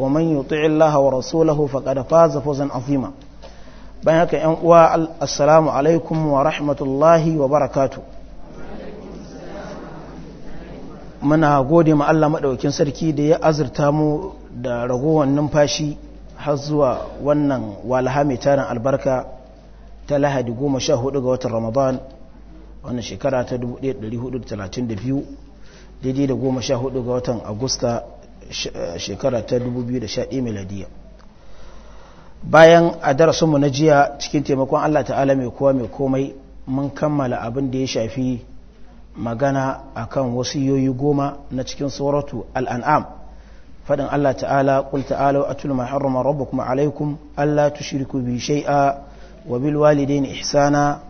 ومن يطع الله ورسوله فقد فاز فوزا عظيما بينك أن السلام عليكم ورحمة الله وبركاته muna gode ma Allah maɗaukin sarki da ya azurta mu da ragowar numfashi har zuwa wannan walaha mai tarin albarka ta lahadi goma sha hudu ga watan ramadan wannan shekara ta 1432 daidai da goma sha hudu ga watan agusta shekara ta 2011 miladiya bayan a darasinmu na jiya cikin taimakon Allah ta'ala mai kowa mai komai mun kammala abin da ya shafi magana a kan wasu yoyi goma na cikin suratu al'an'am faɗin Allah ta'ala ƙul ta'ala a tulma rabu kuma alaikum Allah shirku bi shai'a wa bil ni ihsana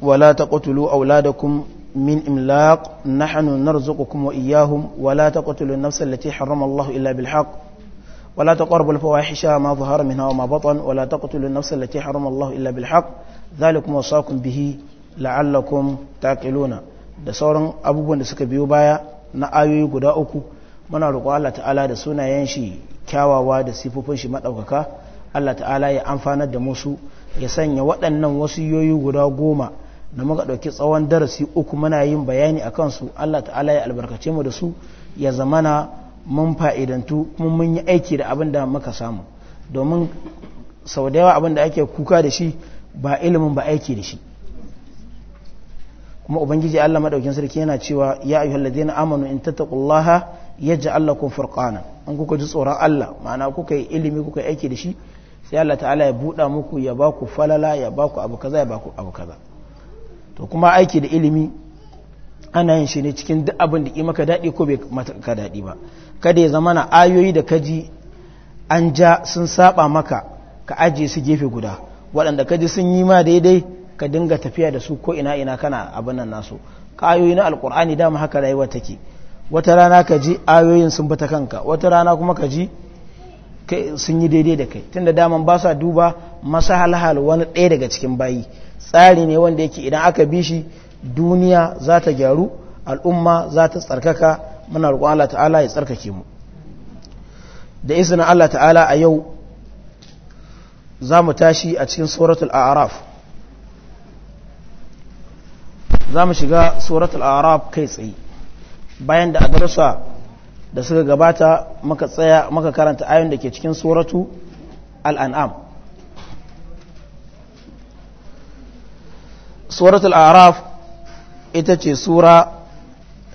wala ta a auladakum min imlaq nahnu narzuqukum wa iyyahum wa la taqtulun nafsa allati harrama Allahu ila bil haqq wa la taqrabul fawahisha ma dhahara minha wa ma batan bihi la'allakum taqiluna da sauran abubuwan da suka biyo baya na ayoyi guda uku muna roƙo Allah ta'ala da sunayen shi kyawawa da sifofin shi madaukaka Allah ta'ala ya amfanar da musu ya sanya waɗannan wasu wasiyoyi guda goma na muka ɗauki tsawon darasi uku muna yin bayani a kansu Allah ta'ala ya albarkace mu da su ya zamana mun fa'idantu kuma mun yi aiki da abin da muka samu domin sau da yawa abin da ake kuka da shi ba ilimin ba aiki da shi kuma ubangiji Allah madaukin sarki yana cewa ya ayyuhal ladina amanu in tattaqullaha yaj'al lakum furqana an kuka ji tsoron Allah ma'ana kuka yi ilimi kuka yi aiki da shi sai Allah ta'ala ya buɗa muku ya ba ku falala ya ba ku abu kaza ya ba ku abu kaza to kuma aiki da ilimi ana yin shi ne cikin duk abin da maka daɗi ko bai maka daɗi ba kada ya zama na ayoyi da kaji an ja sun saba maka ka ajiye su gefe guda waɗanda kaji sun yi ma daidai ka dinga tafiya da su ko ina ina kana abin nan nasu ka ayoyi na alkur'ani dama haka rayuwa take wata rana ka ji ayoyin sun bata kanka wata rana kuma ka ji sun yi daidai da kai tun da daman ba sa duba halhal wani ɗaya daga cikin bayi tsari ne wanda yake idan aka bi shi duniya za ta gyaru al'umma za ta tsarkaka muna roƙon Allah ta'ala ya tsarkake mu da izinin Allah ta'ala a yau za mu tashi a cikin suratul a'raf za mu shiga suratul a'raf kai tsaye bayan da a darasa da suka gabata maka tsaya maka karanta ayon da ke cikin suratu al'an'am suratul araf ita ce sura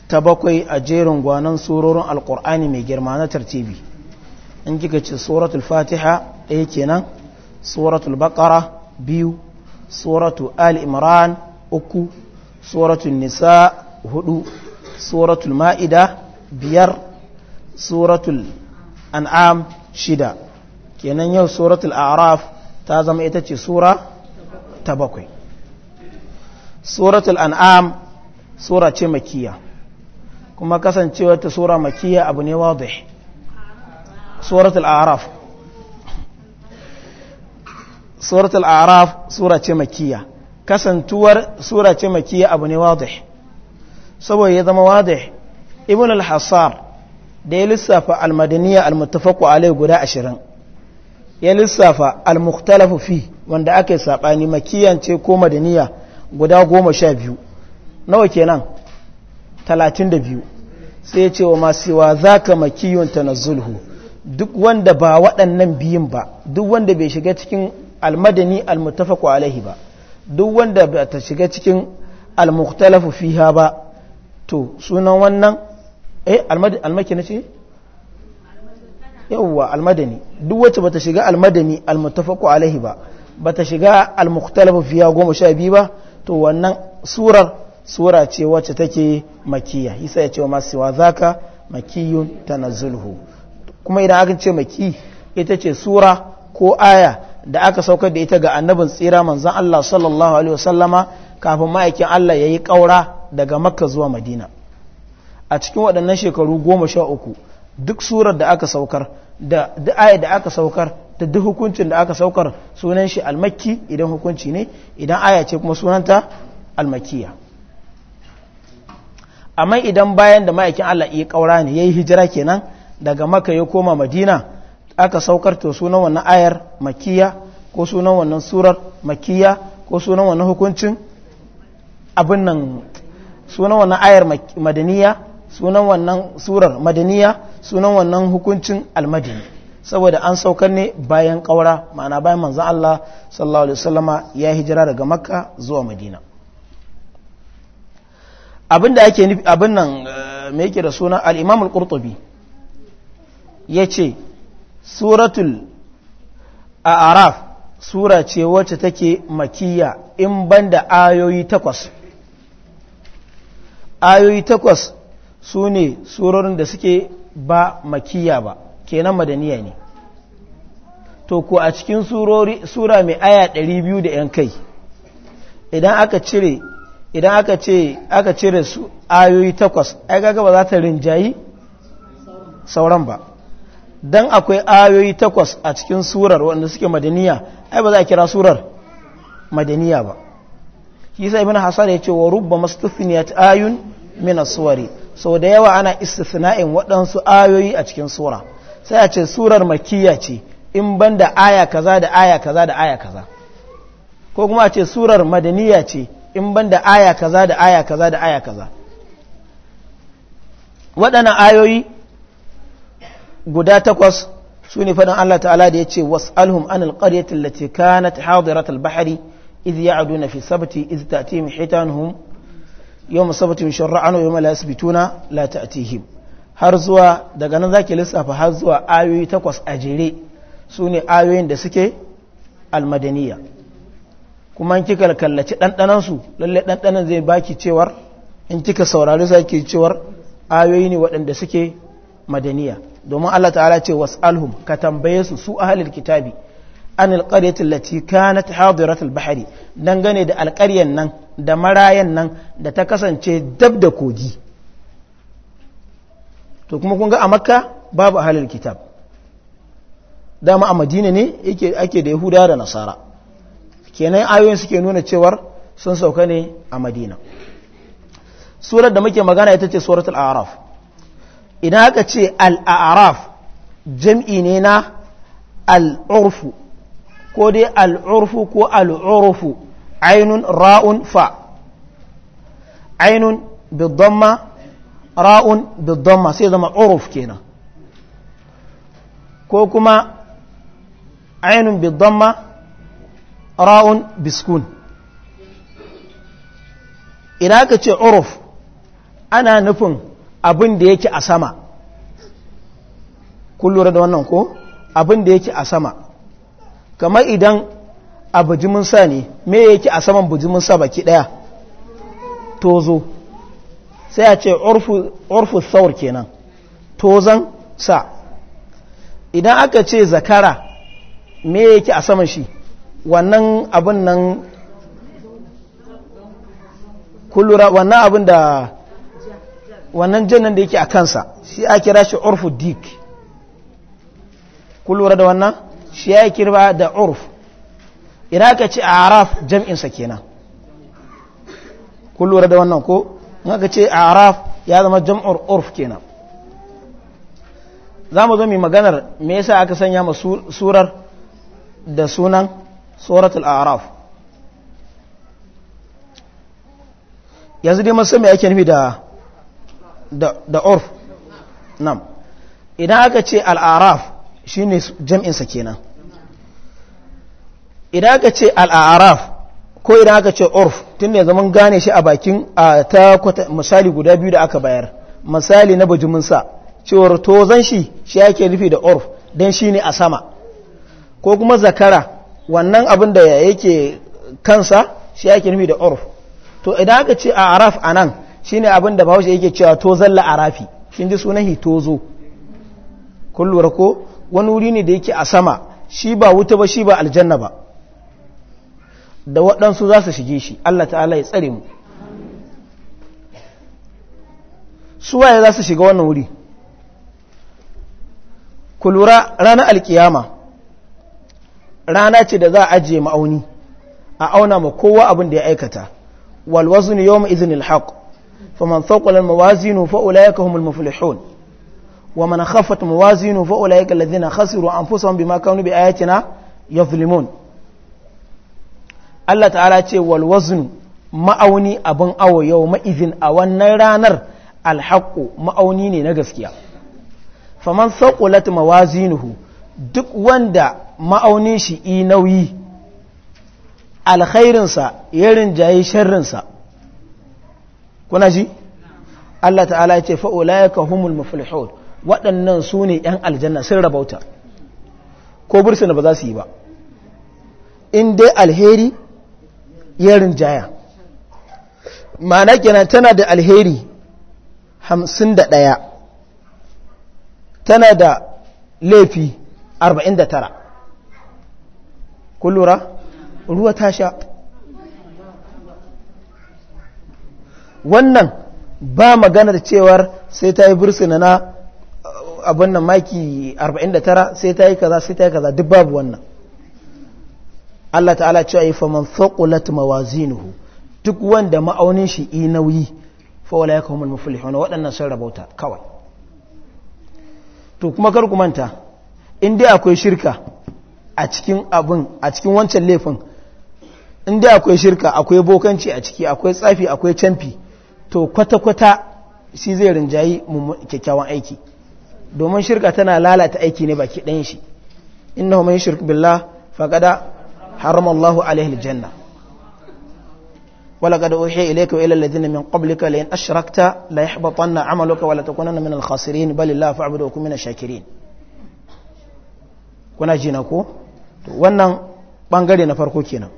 ta bakwai a jerin gwanon surorin alkur'ani mai girma na tartibi in kika ce suratul fatiha ɗaya kenan suratul bakara biyu al al'imran uku suratu nisa hudu al ma'ida biyar suratul an'am shida kenan yau suratul araf ta zama ita ce sura ta bakwai suratul an'am sura ce makiya kuma kasancewar ta sura makiya abu ne wadda suratul araf suratul araf sura ce makiya kasantuwar sura ce makiya abu ne wadda saboda ya zama wadda ibn al-hassar da ya lissafa almadaniya almuttafaqu alai guda ashirin ya lissafa almuktalafu fi wanda aka yi saɓani makiyance ko madaniya guda goma sha biyu nawa kenan talatin da biyu sai ya ce wa masu wa za ka makiyun na zulhu duk wanda ba waɗannan biyun ba duk wanda bai shiga cikin almadani almutafaku alaihi ba duk wanda ba ta shiga cikin almuktalafu fiha ba to sunan wannan eh almaki na ce yawwa almadani duk wacce bata shiga almadani almutafaku alaihi ba bata shiga almukhtalafu fiya goma sha biyu ba to wannan surar sura ce wacce take makiya isa ya ce wa masu wa zaka makiyun tanazzulhu kuma idan aka ce maki ita ce sura ko aya da aka saukar da ita ga annabin tsira manzon Allah sallallahu alaihi wasallama kafin ma'aikin Allah ya yi kaura daga Makka zuwa Madina a cikin waɗannan shekaru goma sha uku duk surar da aka saukar da duk ayat da aka saukar da duk hukuncin da aka saukar sunan shi almakki idan hukunci ne idan aya ce kuma sunanta almakiya amma idan bayan da ma'aikin Allah ya kaura ne yayi hijira kenan daga maka ya koma madina aka saukar to sunan wannan ayar makiya ko sunan wannan surar makiya ko sunan wannan hukuncin abin nan sunan wannan ayar madaniya sunan wannan surar madaniya sunan wannan hukuncin almadini saboda an saukar ne bayan ƙaura ma'ana bayan manzan Allah sallallahu alaihi wasallama ya hijira daga makka zuwa madina abin da ake nufi abin nan eh, mai yake da suna al-imam al-qurtubi yace suratul a'raf sura ce wacce take makiyya in banda ayoyi takwas ayoyi takwas su ne surorin da suke ba makiya ba kenan madaniya ne to ku a cikin sura mai aya 200 da 'yan kai idan aka cire idan aka ce aka cire su ayoyi takwas ai gaga ba za ta rinjayi sauran ba dan akwai ayoyi takwas a cikin surar wanda suke madaniya ai ba za a kira surar madaniya ba kisa sai ibn hasan ya ce wa rubba mastuthniyat ayun min as-suwari sau da yawa ana istisna'in waɗansu ayoyi a cikin sura sai a ce surar makiyya ce in ban da aya kaza da aya kaza da aya kaza ko kuma a ce surar madaniya ce in ban da aya kaza da aya kaza da aya kaza waɗannan ayoyi guda takwas su ne faɗin Allah ta'ala da ya ce wasu an alƙaryatin lati kanat hadirat bahari iz na fi sabti iz ta'tihim hitanuhum yau musabatin shara'anu yau mala asibituna la har zuwa daga nan zaki lissafa har zuwa ayoyi takwas a jere su ne ayoyin da suke almadaniya kuma in kika kallaci ɗanɗanansu lallai ɗanɗanan zai baki cewar in kika saurari zaki cewar ayoyi ne waɗanda suke madaniya domin Allah ta'ala ce wasu alhum ka tambaye su su ahalil kitabi an alƙaryar lati kanat hadirat al-bahari dangane da alƙaryar nan da marayan nan da ta kasance dab da kogi to kuma kun ga a makka babu halin kitab dama a madina ne yake ake da yahuda da nasara kenan ayoyin suke nuna cewar sun sauka ne a madina surar da muke magana ita ce suratul a'raf idan aka ce al-a'raf jam'i ne na al-urfu ko dai al'urfu ko al'urufu ainun ra'un fa ainun bidonma ra'un bidonma sai zama uruf kenan ko kuma ainun bidonma ra'un biskun idan ka ce uruf ana nufin abin da yake a sama kullum da wannan ko abin da yake a sama kamar idan a bujimin sa ne me yake a saman bujimin sa baki daya tozo sai a ce urfu saur kenan tozan sa idan aka ce zakara me yake a saman shi wannan abin nan kullura wannan abin da wannan jannan da yake a kansa shi a kira shi urfu dik kullura da wannan shi ya kirba da urf ina ka ce araf jam'insa kenan kun lura da wannan ko ina aka ce araf ya zama jam'ur urf kenan za mu zo mai maganar me yasa aka sanya ma surar da sunan suratul araf yanzu dai masu mai ake nufi da da urf nam idan aka ce al'araf shi ne jam'insa kenan idan aka ce al'araf ko idan aka ce urf tun da zaman gane shi a bakin a ta misali guda biyu da aka bayar misali na bajiminsa cewar tozan shi shi ya ke nufi da urf don shi ne a sama ko kuma zakara wannan abin da yake kansa shi ya ke nufi da urf to idan aka ce a araf a nan shi ne abin da bahaushe yake cewa tozan la'arafi shin ji sunan hitozo kun ko wani wuri ne da yake a sama shi ba wuta ba shi ba aljanna ba da waɗansu za su shige shi Allah ta'ala ya tsare mu su waye za su shiga wannan wuri ku lura ranar alkiyama rana ce da za a ajiye ma'auni a auna ma kowa abin da ya aikata walwazu ne izini ma'izin ilhaq faman sauƙulan mawazinu fa'ulayaka humul mafulihun wa man khafat mawazinu fa'ulayaka lazina khasiru an fusa bi ma bi ayatina ya zulimun Allah ta'ala ce wal ma'auni abin awo yau ma'izin a wannan ranar alhaƙo ma'auni ne na gaskiya faman sauƙulat mawazinuhu duk wanda ma'aunin shi i nauyi alkhairinsa ya rinjaye sharrinsa kuna ji? Allah ta'ala ce fa'ula'ika humul mafilhud waɗannan su ne ‘yan aljanna sun rabauta ko bursuna ba za su yi ba in dai alheri ya rinjaya ma'ana kenan tana da alheri hamsin tana da laifi arba'in da tara kullura ruwa ta sha wannan ba maganar cewar sai ta yi bursuna na uh, abin nan maki 49 sai ta yi kaza sai ta yi kaza duk babu wannan Allah ta'ala cewa yi faman thaqulat mawazinuhu duk wanda ma'aunin shi i nauyi fa wala yakumul muflihun waɗannan sun rabauta kawai to kuma kar ku manta in dai akwai shirka a cikin abin a cikin wancan laifin in dai akwai shirka akwai bokanci a ciki akwai tsafi akwai canfi to kwata-kwata shi zai rinjayi kyakkyawan aiki domin shirka tana lalata aiki ne baki ɗayan shi inna man shirk billah faqada حرم الله عليه الجنة ولقد أوحي إليك وإلى الذين من قبلك لئن أشركت ليحبطن عملك ولا تكونن من الخاسرين بل الله فاعبد وكن من الشاكرين kuna ji na ko wannan bangare na farko kenan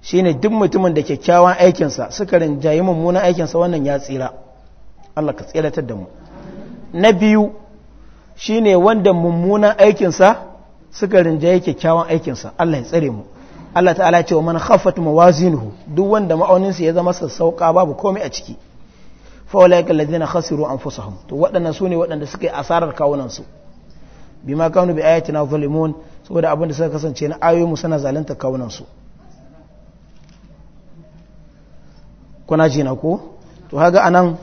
shine duk mutumin da kyakkyawan aikinsa suka rinjayi mummunan aikinsa wannan ya tsira Allah ka tsiratar da mu na biyu shine wanda mummunan aikinsa suka rinjaye kyakkyawan aikinsa Allah ya tsare mu Allah ta'ala ce wa man khaffat mawazinuhu duk wanda ma'auninsa ya zama sassauka babu komai a ciki fa ulaika alladhina khasiru anfusahum to waɗannan sune waɗanda suka asarar kawunan su bima kanu bi ayatina zalimun saboda abin da suka kasance na ayoyin mu suna zalunta kawunan su kuna ji na ko to haga anan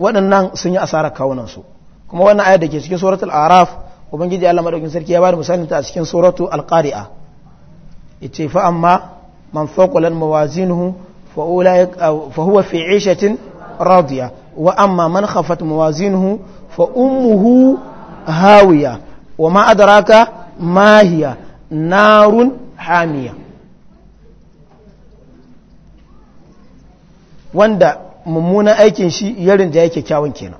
waɗannan sun yi asarar kawunan su kuma wannan ayar da ke cikin suratul araf ubangiji Allah madaukin sarki ya bada misalin ta a cikin suratul qari'ah ce fa amma man faqalan mawazinuhu fa ulai fa huwa fi 'ishatin radiya wa amma man khafat mawazinuhu fa umuhu hawiya wa ma adraka ma narun hamiya wanda mummunan aikin shi yarin da yake kyawun kenan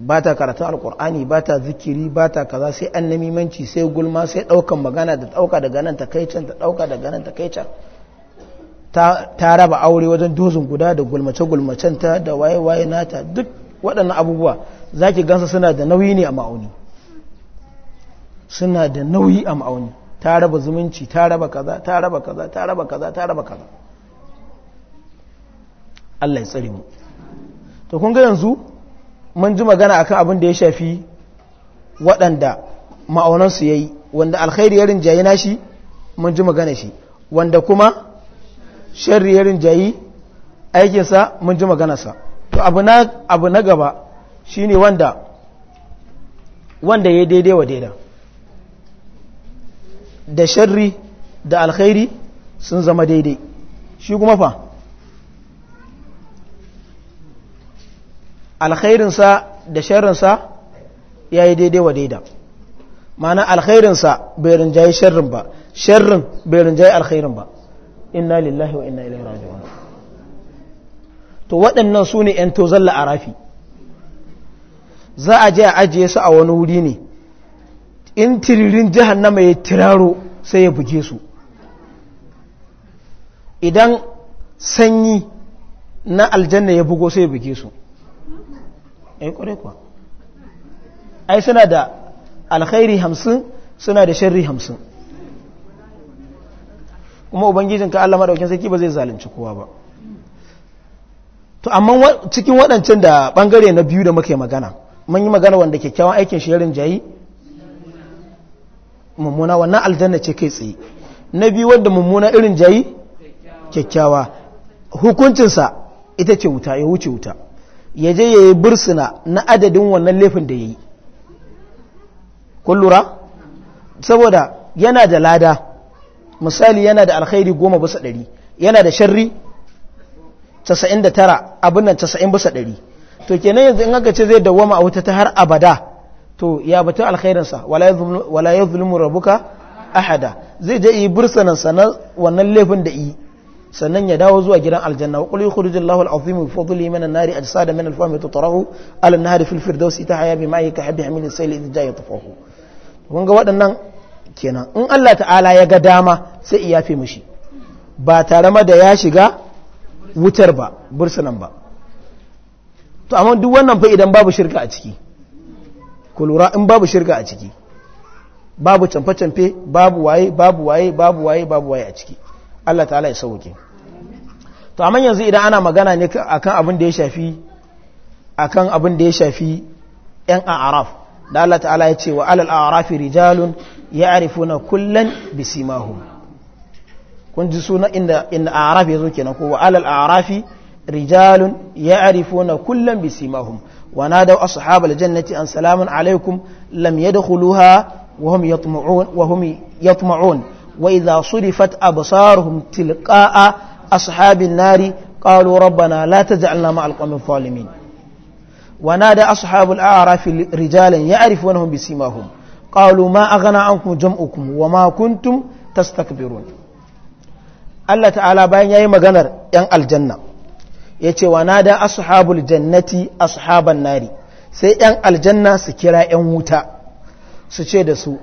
ba ta karatu alkur'ani ba ta zikiri ba ta kaza sai an namimanci sai gulma sai ɗaukan magana da ɗauka daga nan takaicen ta ɗauka daga nan takaicen ta raba aure wajen dozin guda da gulmace-gulmacen ta da waye-waye nata duk waɗannan abubuwa zaki gansa suna da nauyi ne a ma'auni suna da nauyi a ma'auni ta raba zumunci ta raba kaza ta raba kaza ta raba kaza ta raba kaza Allah ya tsare mu to kun ga yanzu mun ji magana akan abin da ya shafi waɗanda ma'aunansu ya yi wanda alkhairi ya rinjayi na shi mun ji magana shi wanda kuma sharri ya rinjayi aikinsa mun ji maganarsa to abu na gaba shi ne wanda wanda ya daidai wa daida da sharri da alkhairi sun zama daidai shi kuma fa alkhairinsa da sharrinsa ya yi daidai wa daida ma'ana alkhairinsa bai rinjaye sharrin ba sharrin bai rinjaye alkhairin ba inna lillahi wa inna ilaihi raji'un to waɗannan su ne ‘yan tozon la'arafi za a je a ajiye su a wani wuri ne in tiririn jihannama ya tiraro sai ya buge su idan sanyi na aljanna ya bugo sai ya buge su Eh, ai kuwa ai suna da alkhairi hamsin suna da sharri hamsin kuma ubangijin ka Allah madaukin sarki ba zai zalunci kowa ba to amma cikin waɗancan da ɓangare na biyu da muke magana mun yi magana wanda kyakkyawan aikin shi yarin jayi mummuna wannan aljanna ce kai tsaye na biyu wanda mummuna irin jayi kyakkyawa hukuncinsa ita ce wuta ya wuce wuta ya je ya yi bursuna na adadin wannan laifin da ya yi kullura saboda yana da lada misali yana da alkhairi goma bisa ɗari yana da sharri casa'in da tara abin casa'in bisa ɗari to kenan yanzu in aka ce zai dawwama a wuta ta har abada to ya batu alkhairinsa wala ya zulmu rabuka ahada zai je yi bursanansa na wannan laifin da yi sannan ya dawo zuwa gidan aljanna wa qul yukhrijullahu al-azim bi fadli min an-nari ajsada min al-fahmi tutarahu ala an-nari fil firdaus tahaya bi ma'i ka habbi hamil sayl idh jaa yatfahu kun ga wadannan kenan in Allah ta'ala ya ga dama sai iya fi mushi ba tare ma da ya shiga wutar ba bursunan ba to amma duk wannan fa idan babu shirka a ciki kulura in babu shirka a ciki babu canfe-canfe babu waye babu waye babu waye babu waye a ciki Allah ta'ala ya sauke to amma yanzu idan ana magana ne akan abin da ya shafi akan abin da ya shafi yan a'raf da Allah ta'ala ya ce wa alal a'rafi rijalun ya'rifuna kullan bisimahum kun ji suna inda a'raf yazo kenan ko wa alal a'rafi rijalun ya'rifuna kullan bisimahum wa nadaw ashabal jannati an salamun alaikum lam yadkhuluha wa hum yatma'un wa hum yatma'un وإذا صرفت أبصارهم تلقاء أصحاب النار قالوا ربنا لا تجعلنا مع القوم الظالمين ونادى أصحاب الأعراف رجالا يعرفونهم بسيماهم قالوا ما أغنى عنكم جمعكم وما كنتم تستكبرون Allah ta'ala bayan ya yi maganar ‘yan aljanna ya ce wa na da ashabul jannati ashaban nari sai ‘yan aljanna su kira ‘yan wuta su ce da su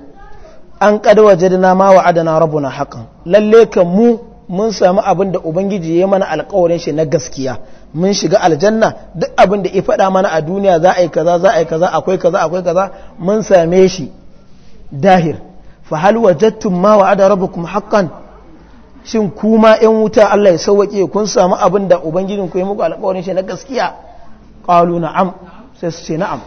an kada wajadna ma rabu na hakan lalle kan mu mun sami abin da ubangiji ya yi mana alkawarin shi na gaskiya mun shiga aljanna duk abin da ya faɗa mana a duniya za a yi kaza za a yi kaza akwai kaza akwai kaza mun same shi dahir fa hal wajadtum ma wa'ada rabbukum haqqan shin kuma 'yan wuta Allah ya sauke kun sami abin da ku ya muku alkawarin shi na gaskiya qalu na'am sai su ce na'am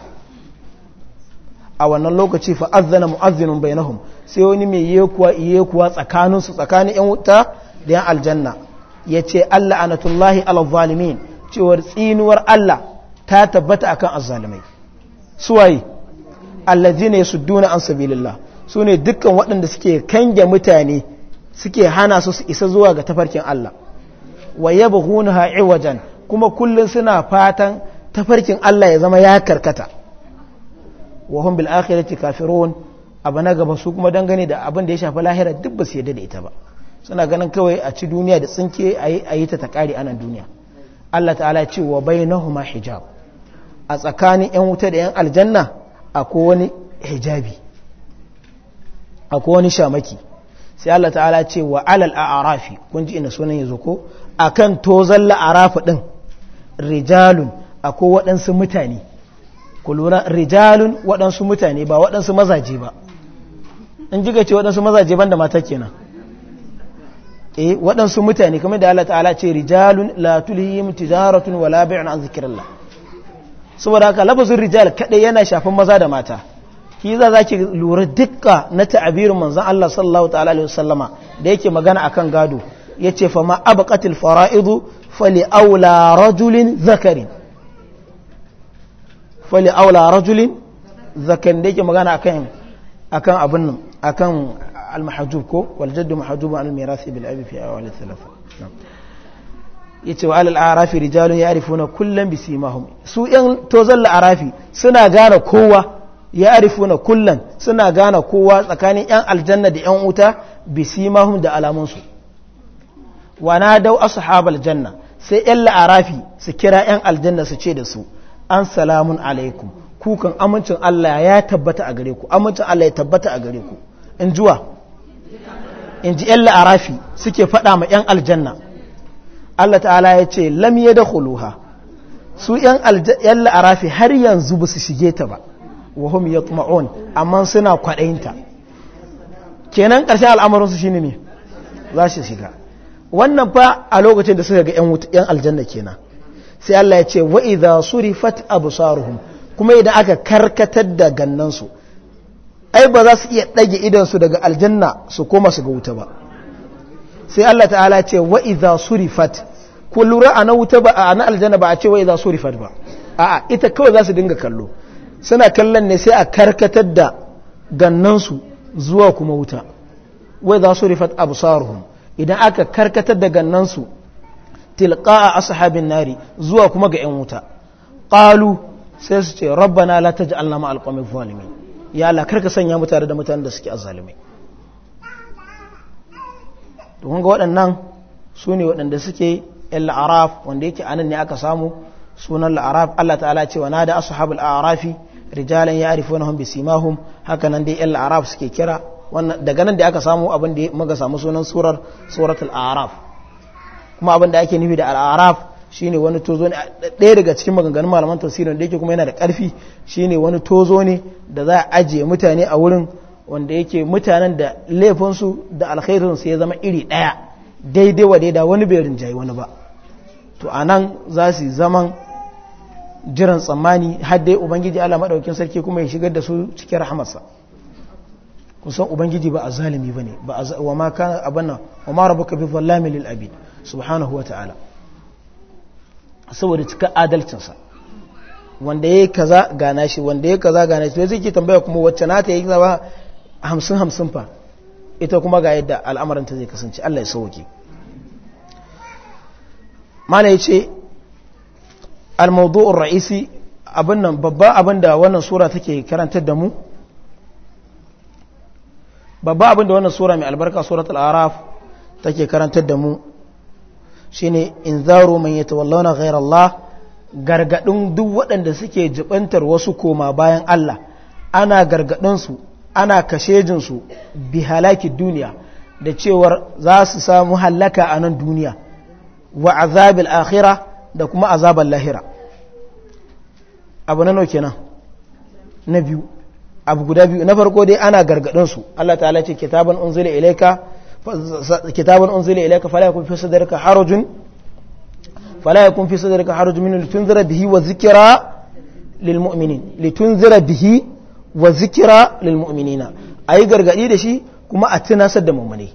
a wannan lokaci fa azana mu'azzinun bainahum sai wani mai yekuwa yekuwa tsakanin su tsakanin yan wuta da yan aljanna yace Allah anatullahi alal zalimin cewar tsinuwar Allah ta tabbata akan azzalimai suwaye allazina yasudduna an sabilillah sune dukkan waɗanda suke kange mutane suke hana su su isa zuwa ga tafarkin Allah wa iwajan kuma kullun suna fatan tafarkin Allah ya zama ya karkata wa hum bil akhirati kafirun abu na gaba su kuma dangane da abin da ya shafi lahira duk ba su yadda da ita ba suna ganin kawai a ci duniya da tsinke a yi ta ta kare anan duniya Allah ta'ala ce wa bainahuma hijab a tsakanin yan wuta da yan aljanna akwai wani hijabi akwai wani shamaki sai Allah ta'ala ce wa alal a'rafi kun ji ina sunan yazo ko akan tozalla arafa din rijalun akwai waɗansu mutane ku lura rijalun waɗansu mutane ba waɗansu mazaje ba in ji ce waɗansu mazaje ban da mata kenan eh waɗansu mutane kamar da Allah ta'ala ce rijalun la tulhihim tijaratun wala bai'un an zikrillah saboda haka lafazin rijal kadai yana shafin maza da mata shi za zaki lura dukka na ta'abirin manzon Allah sallallahu ta'ala alaihi wasallama da yake magana akan gado yace fa ma abqatil fara'idu fali aula rajulin zakarin fali aula rajulin zakan da yake magana akan akan abin nan akan al-mahjub ko wal jaddu mahjubun al-miras bil abi fi awal thalatha yace wa al-arafi rijalun ya'rifuna kullan bi simahum su yan tozal arafi suna gane kowa ya'rifuna kullan suna gane kowa tsakanin yan aljanna da yan wuta bi simahum da alamunsu wa nadau ashabal janna sai yan la'arafi su kira yan aljanna su ce da su an salamun alaikum kukan amincin Allah ya tabbata a gare ku amincin Allah ya tabbata a gare ku in juwa in ji yan la'arafi suke faɗa ma yan aljanna Allah ta'ala ya ce lam yadkhuluha da huluha su yan la'arafi har yanzu ba su shige ta ba wa hum yatma'un amma suna kwaɗayinta kenan ƙarshen su shine ne za su shiga wannan fa a lokacin da suka ga yan aljanna kenan sai Allah ya ce wa'iza surifat abu saruhun kuma idan aka karkatar da gannansu ai ba za su iya ɗage idansu daga aljanna su koma su ga wuta ba sai Allah ta'ala ce wa'iza surifat ku lura a na wuta ba a na aljanna ba a ce wa'iza surifat ba a'a ita kawai za su dinga kallo suna kallon ne sai a karkatar da gannansu zuwa kuma wuta wa idza abu saruhun. idan aka karkatar da gannansu tilqa ashabin nari zuwa kuma ga yan wuta ƙalu sai su ce rabbana la taj'alna ma alqawmi zalimi ya la karka sanya mu tare da mutanen da suke azzalimi to kun ga waɗannan su ne waɗanda suke al-araf wanda yake anan ne aka samu sunan al-araf Allah ta'ala cewa na da ashabul arafi rijalan ya'rifunahum bisimahum haka nan dai al-araf suke kira wannan daga nan da aka samu abin da muka samu sunan surar suratul araf kuma abin da ake nufi da al'araf shine wani tozo ne ɗaya daga cikin maganganun malaman tafsirin da yake kuma yana da ƙarfi shine wani tozo ne da za a ajiye mutane a wurin wanda yake mutanen da laifinsu da alkhairinsu ya zama iri ɗaya daidai wa daidai wani bai rinjayi wani ba to a nan za su zaman jiran tsammani har dai ubangiji allah maɗaukin sarki kuma ya shigar da su cikin rahamarsa kusan ubangiji ba a zalimi ba ne wa ma kana abin nan wa ma rabu ka bi lil abin. subhanahu wa ta'ala saboda cika adalcinsa wanda ya kaza gana shi wanda ya kaza gana shi zai ke tambaya kuma wacce na ta yi zaba hamsin hamsin fa ita kuma ga yadda ta zai kasance Allah ya sauke Mana ya ce al-mawdu'ur ra'isi abin nan babba abin da wannan sura take karantar da mu babba abin da wannan sura mai albarka suratul araf take karantar da mu shine zaro man yatawallawna ghayra Allah gargadin duk waɗanda suke jibantar wasu koma bayan Allah ana gargadin su ana jin su bi halaki duniya da cewar za su samu halaka a nan duniya wa azabil akhirah da kuma azabal lahira abu na nauke nan na biyu abu guda biyu na farko dai ana gargadin su Allah ta'ala ce kitaban unzila ilayka kitabun unzila ilayka فلا يكون في صدرك حرج فلا يكون في صدرك حرج لتنذر bihi wa للمؤمنين لتنذر به وذكرى للمؤمنين ayi gargadi da shi kuma a tunasar da muminai.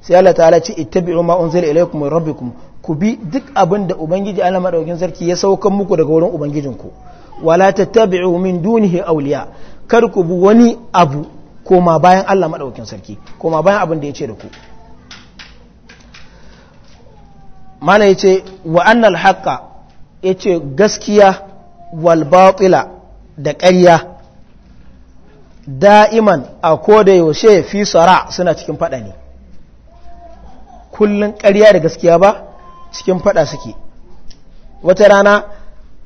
sai Allah ta'ala ce ittabi'u ma unzila ilaykum min rabbikum ku bi duk abin da ubangiji Allah madaukakin sarki ya saukan muku daga wurin ubangijinku wala tattabi'u min dunihi awliya kar ku bi wani abu koma bayan Allah maɗaukin sarki koma bayan abin da ya ce da ku mana ya ce wa'annan haƙa ya ce gaskiya walbaɓila da ƙarya da'iman a koda yaushe fi tsara suna cikin faɗa ne kullum ƙarya da gaskiya ba cikin faɗa suke wata rana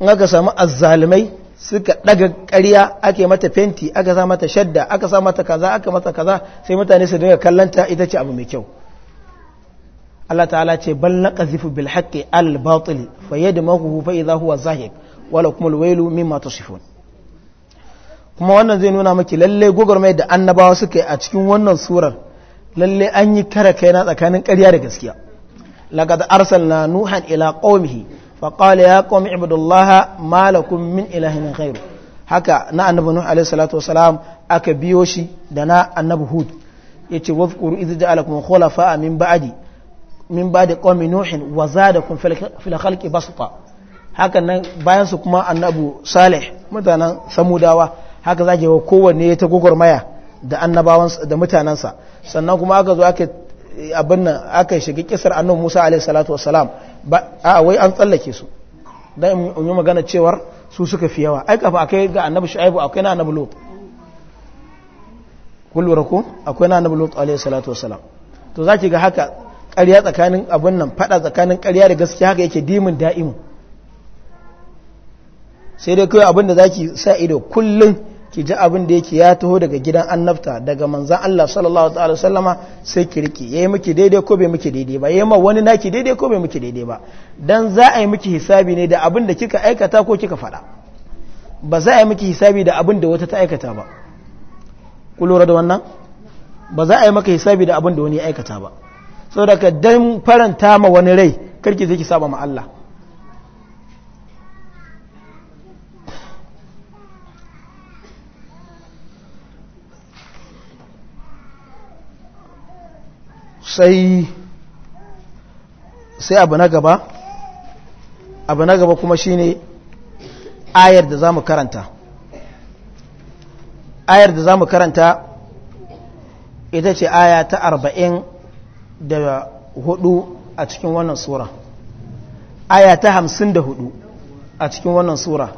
in aka samu azzalumai suka daga ƙarya ake mata fenti aka sa mata shadda aka sa mata kaza aka mata kaza sai mutane su dinga kallanta ita ce abu mai kyau Allah ta'ala ce bal naqzifu bil haqqi al batil fayadmahu fa idha huwa zahiq wala al waylu mimma tasifun kuma wannan zai nuna miki lalle gogormai da annabawa suka yi a cikin wannan surar lalle an yi kara kaina tsakanin ƙarya da gaskiya laqad arsalna nuhan ila qaumihi فقال يا قوم اعبدوا الله ما لكم من غيره haka na annabi nuh alaihi salatu wasalam aka biyo shi da na annabi hud yace wazkuru idh ja'alakum khulafa min ba'di min ba'di qaumi nuh wa zadakum fil khalqi haka nan bayan kuma annabi salih mutanen samudawa haka zage kowanne ta gogormaya da annabawan da sannan kuma aka zo aka abin nan aka shiga kisar annabi Musa alaihi salatu wasalam a wai an tsallake su dan in yi magana cewar su suka fi yawa ai kafa akai ga annabi shu'aibu akwai na annabi lut kullu akwai na annabi lut alayhi salatu wassalam to zaki ga haka ƙarya tsakanin abun nan fada tsakanin ƙarya da gaskiya haka yake dimin da'imu sai dai kai abin da zaki sa ido kullun ki ji abin da yake ya taho daga gidan annabta daga manzan Allah sallallahu alaihi wasallama sai ki riki yayi miki daidai ko bai miki daidai ba yayi ma wani naki daidai ko bai miki daidai ba dan za a yi miki hisabi ne da abin da kika aikata ko kika faɗa ba za a yi miki hisabi da abin da wata ta aikata ba ku lura da wannan ba za a yi maka hisabi da abin da wani ya aikata ba saboda ka dan faranta ma wani rai karki zai ki saba ma Allah sai sai abu na gaba abu na gaba kuma shine ayar da zamu karanta ayar da zamu karanta ita ce aya ta arba'in da hudu a cikin wannan sura aya ta hamsin da hudu a cikin wannan sura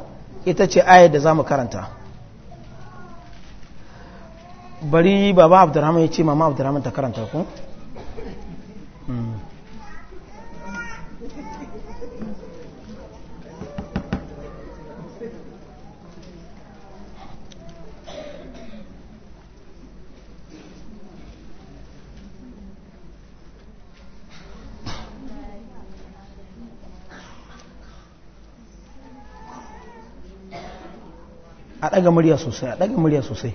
ita ce ayar da zamu karanta bari baba abdurrahman ya ce mama abdurrahman ta karanta ku Hmm. a ɗaga murya sosai a ɗaga murya sosai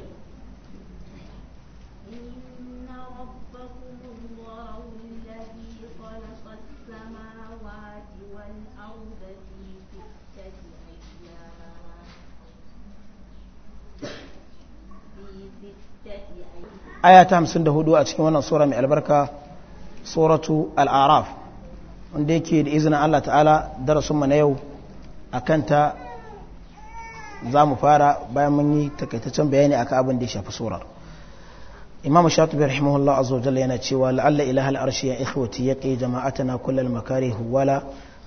aya ta hamsin da hudu a cikin wannan sura mai albarka suratu al'araf wanda yake da izinin allah ta'ala darasinmu na yau a kanta za mu fara bayan mun yi takaitaccen bayani akan abin da ya shafi surar imam shatubi rahimahullah azza wa jalla yana cewa la'alla ilaha al'arshi ya ikhwati yaqi jama'atana kullal makarihi wala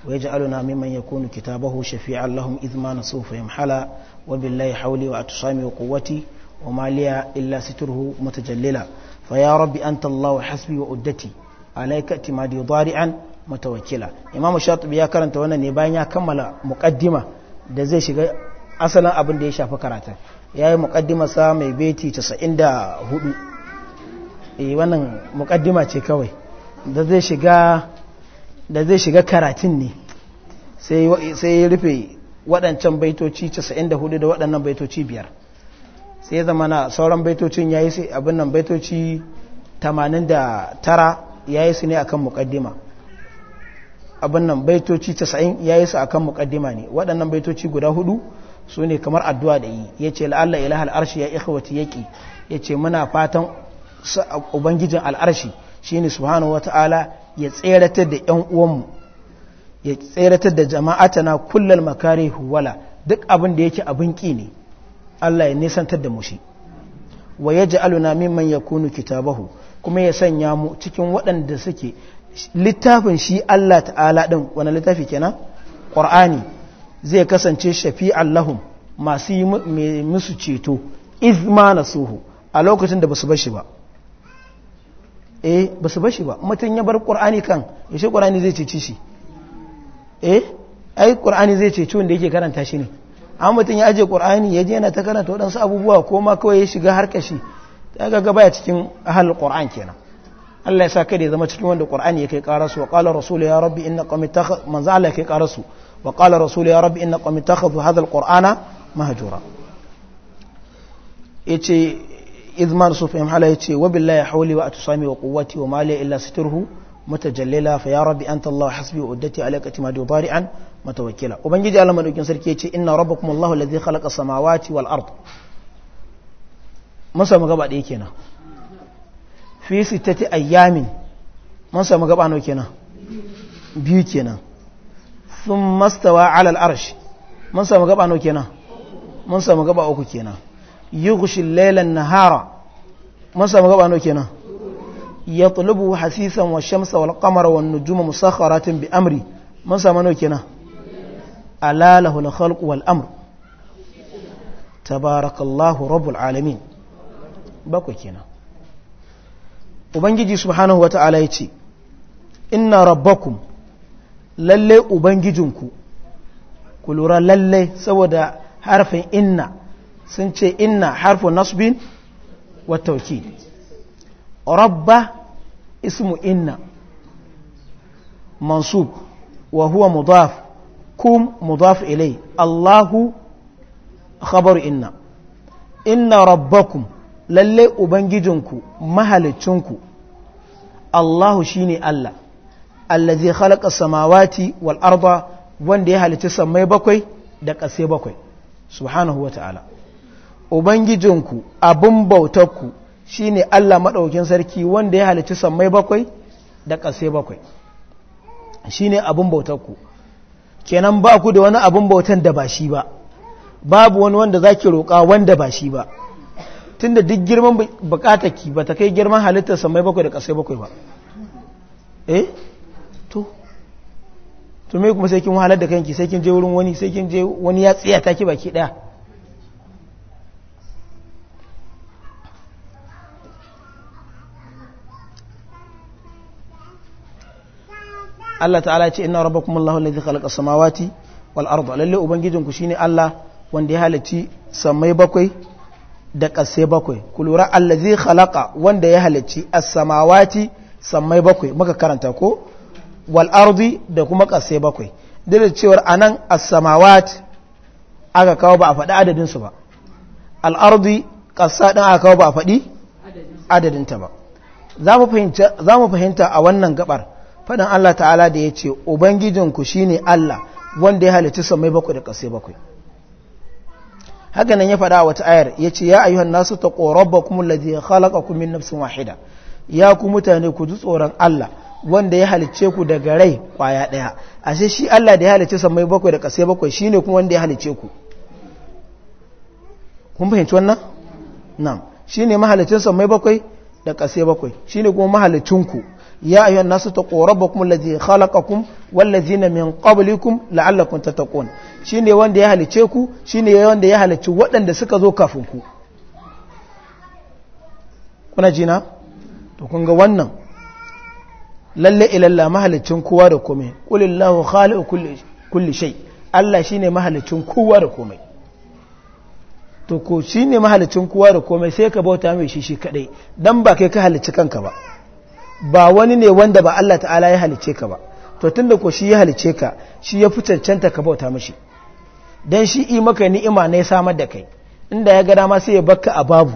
ويجعلنا ممن يكون كتابه شفيعا لهم إذ ما نسوه فيمحلا وبالله حولي wa وقوتي وما لي إلا ستره متجللا فيا ربي أنت الله حسبي وأدتي عليك اعتمادي ضارعا متوكلا إمام الشاطبي يا كرنت وانا نبانيا كمل مقدمة da zai shiga asalin abin da ya shafi karatun ya yi mukaddimasa mai beti 94 e wannan mukaddima ce kawai da zai shiga karatun ne sai ya rufe waɗancan baitoci 94 da waɗannan baitoci biyar sai ya zama na sauran baitocin ya yi su abin nan baitoci 89 ya yi su ne akan mukaddima abin nan baitoci 90 ya yi su akan mukaddima ne waɗannan baitoci guda hudu su ne kamar addu'a da yi ya ce la'alla ilahal arshi ya ikhwati yaki ya ce muna fatan ubangijin al'arshi shi suhanu subhanahu ta’ala ya tseratar da yan uwanmu ya tseratar da na kullal makare huwala duk abin da yake abin ƙi ne Allah ya nisantar da mu shi wa yaj'aluna mimman yakunu kitabahu kuma ya sanya mu cikin waɗanda suke littafin shi Allah ta'ala din wani littafi kenan qur'ani zai kasance shafi lahum masu yi musu ceto izma nasuhu a lokacin da basu bashi ba eh basu bashi ba mutum ya bar qur'ani kan yaushe qur'ani zai ceci shi eh ai qur'ani zai ceci wanda yake karanta shi ne an mutum ya aje qur'ani ya je yana ta karanta waɗansu abubuwa ko ma kawai ya shiga har shi ta ga gaba cikin ahal qur'an kenan Allah ya sa kai da zama cikin wanda qur'ani ya kai karasu wa qala rasulu ya rabbi inna qawmi takhadhu manzo Allah ya kai karasu wa qala rasulu ya rabbi inna qawmi takhadhu hadha alqur'ana mahjura yace idman sufim hala yace wa billahi hawli wa atusami wa quwwati wa mali illa sitirhu متجللا فيا ربي أنت الله حسبي ودتي عليك أتمادي وطارعا متوكلا وبنجي على من يكون سركي إن ربكم الله الذي خلق السماوات والأرض من سوى مقابع ديكينا في ستة أيام من سوى مقابع نوكينا بيوتينا ثم استوى على الأرش من سوى مقابع نوكينا من سوى مقابع أوكينا يغش الليل النهار من سوى مقابع نوكينا يطلبه حسيسا والشمس والقمر والنجوم مسخرات بأمري من سامنو كنا ألا له الخلق والأمر تبارك الله رب العالمين باكو كنا وبنجي سبحانه وتعالى يتي إن ربكم للي أبنجي ku lura lalle saboda harfin إن سنتي إن inna harfin nasbin wa rabba ismu inna mansub wa huwa mudaf kum mudaf ilai allahu khabar inna inna rabbakum lalle ubangijinku mahalicinku allahu shine allah allazi khalaqa samawati wal'arwa wanda ya halitta samai bakwai da ƙasai bakwai subhanahu wa ta'ala ubangijinku abin ku. Shi ne Allah maɗaukin sarki wanda ya halici sammai bakwai da ƙasai bakwai Shi ne abin bautar ku kenan ba ku da wani abin bautan da ba shi ba babu wani wanda zaki roƙa wanda ba shi ba tunda duk girman buƙataki ba ta kai girman halittar sammai bakwai da ƙasai bakwai ba eh to to me kuma sai kin wahalar da kanki sai kin je wurin wani sai kin je wani ya tsiyata ki baki daya Allah ta'ala ce inna rabbakum Allahu allazi khalaqa samawati wal arda lalle ubangijinku shine Allah wanda ya halici samai bakwai da kase bakwai ku lura allazi khalaqa wanda ya halici as-samawati samai bakwai muka karanta ko wal ardi da kuma ƙasai bakwai dole cewa anan as-samawat aka kawo ba a faɗi adadin su ba al ardi ƙasa din aka kawo ba a faɗi adadin ta ba za mu fahimta a wannan gabar faɗin Allah ta'ala da ya ce ubangijinku shi ne Allah wanda ya halitta samai bakwai da ƙasai bakwai haka nan ya faɗa wata ayar ya ce ya ayyuhan nasu ta ƙorabba kuma lade ya halaka kumin nafsin wahida ya ku mutane ku ji tsoron Allah wanda ya halicce ku daga rai kwaya ɗaya ashe shi Allah da ya halicce samai bakwai da ƙasai bakwai shi ne kuma wanda ya halicce ku kun fahimci wannan nan shi ne mahalicin samai bakwai da ƙasai bakwai shi ne kuma mahalicinku ya ayyuhu an-nasu taqu rabbakum allazi khalaqakum wal ladzina min qablikum la'allakum tattaqun shine wanda ya halice ku shine wanda ya halice waɗanda suka zo kafin ku kuna jina to kun ga wannan lalle ilalla mahalicin kowa da komai kulillahu khaliqu kulli shay Allah shine mahalicin kowa da komai to ko shine mahalicin kowa da komai sai ka bauta mai shi shi kadai dan ba kai ka halice kanka ba ba wani ne wanda ba Allah ta'ala ya halice ka ba to tunda ko shi ya halice ka shi ya fi cancanta ka bauta mashi dan shi i maka ni'ima ne samar da kai inda ya ga dama sai ya bakka a babu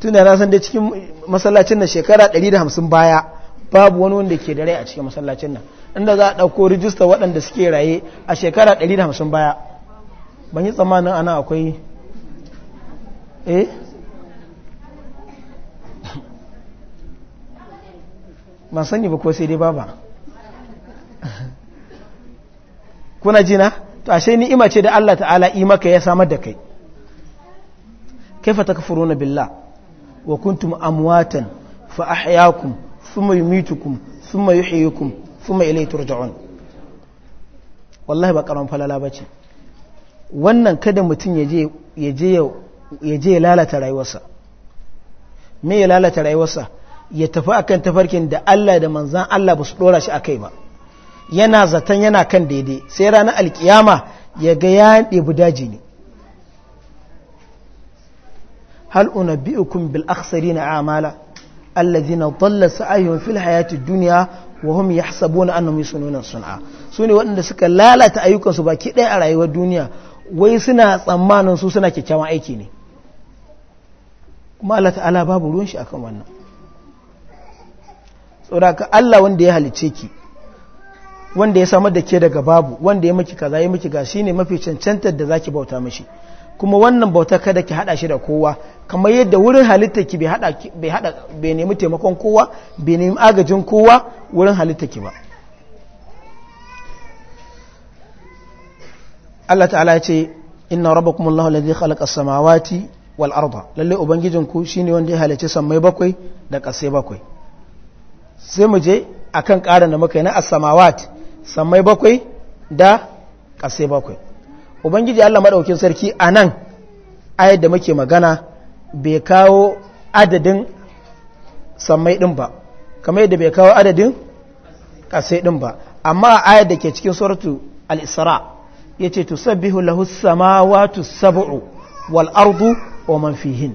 tunda na san da cikin masallacin nan shekara 150 baya babu wani wanda ke da rai a cikin masallacin nan inda za a dauko rijista waɗanda suke raye a shekara 150 baya ban yi tsammanin ana akwai eh ban sanyi ba ko sai dai baba kuna jina to ashe ni ima ce da Allah ta'ala i maka ya samar da kai kaifa takfuruna billah wa kuntum amwatan fa ahyaakum thumma yumitukum thumma yuhyikum thumma ilayhi turja'un wallahi ba karam falala bace wannan kada mutum ya je ya lalata rayuwarsa me ya lalata rayuwarsa ya tafi akan tafarkin da Allah da manzan Allah ba su ɗora shi kai ba yana zaton yana kan daidai sai ranar alkiyama ya ga ya ɗebi daji ne hal kun bil na a'mala alladhina tallasa ayyun fil hayati duniya wa hum na yahsabuna su nunan sun'a su ne waɗanda suka lalata ayyukansu baki ɗaya a rayuwar duniya wai suna tsammanin su suna kyakkyawan aiki ne kuma Allah ta'ala babu ruwan shi akan wannan tsoraka Allah wanda ya halice ki wanda ya samar da ke daga babu wanda ya miki kaza ya miki ga shine mafi cancantar da zaki bauta mishi kuma wannan bauta kada ki hada shi da kowa kamar yadda wurin halitta ki bai hada bai hada bai nemi taimakon kowa bai nemi agajin kowa wurin halitta ki ba Allah ta'ala ya ce inna rabbakum Allahu alladhi khalaqa as-samawati wal arda lalle ubangijinku shine wanda ya halice sammai bakwai da kasai bakwai sai mu je a kan ƙarin da muka yi na asamawat samai bakwai da ƙasai bakwai ubangiji allah maɗaukin sarki a nan da muke magana bai kawo adadin samai ɗin ba kamar yadda bai kawo adadin ƙasai ɗin ba amma a ayar da ke cikin suratu al-isra ya ce tusabbihu lahu samawatu sab'u wal ardu wa man fihin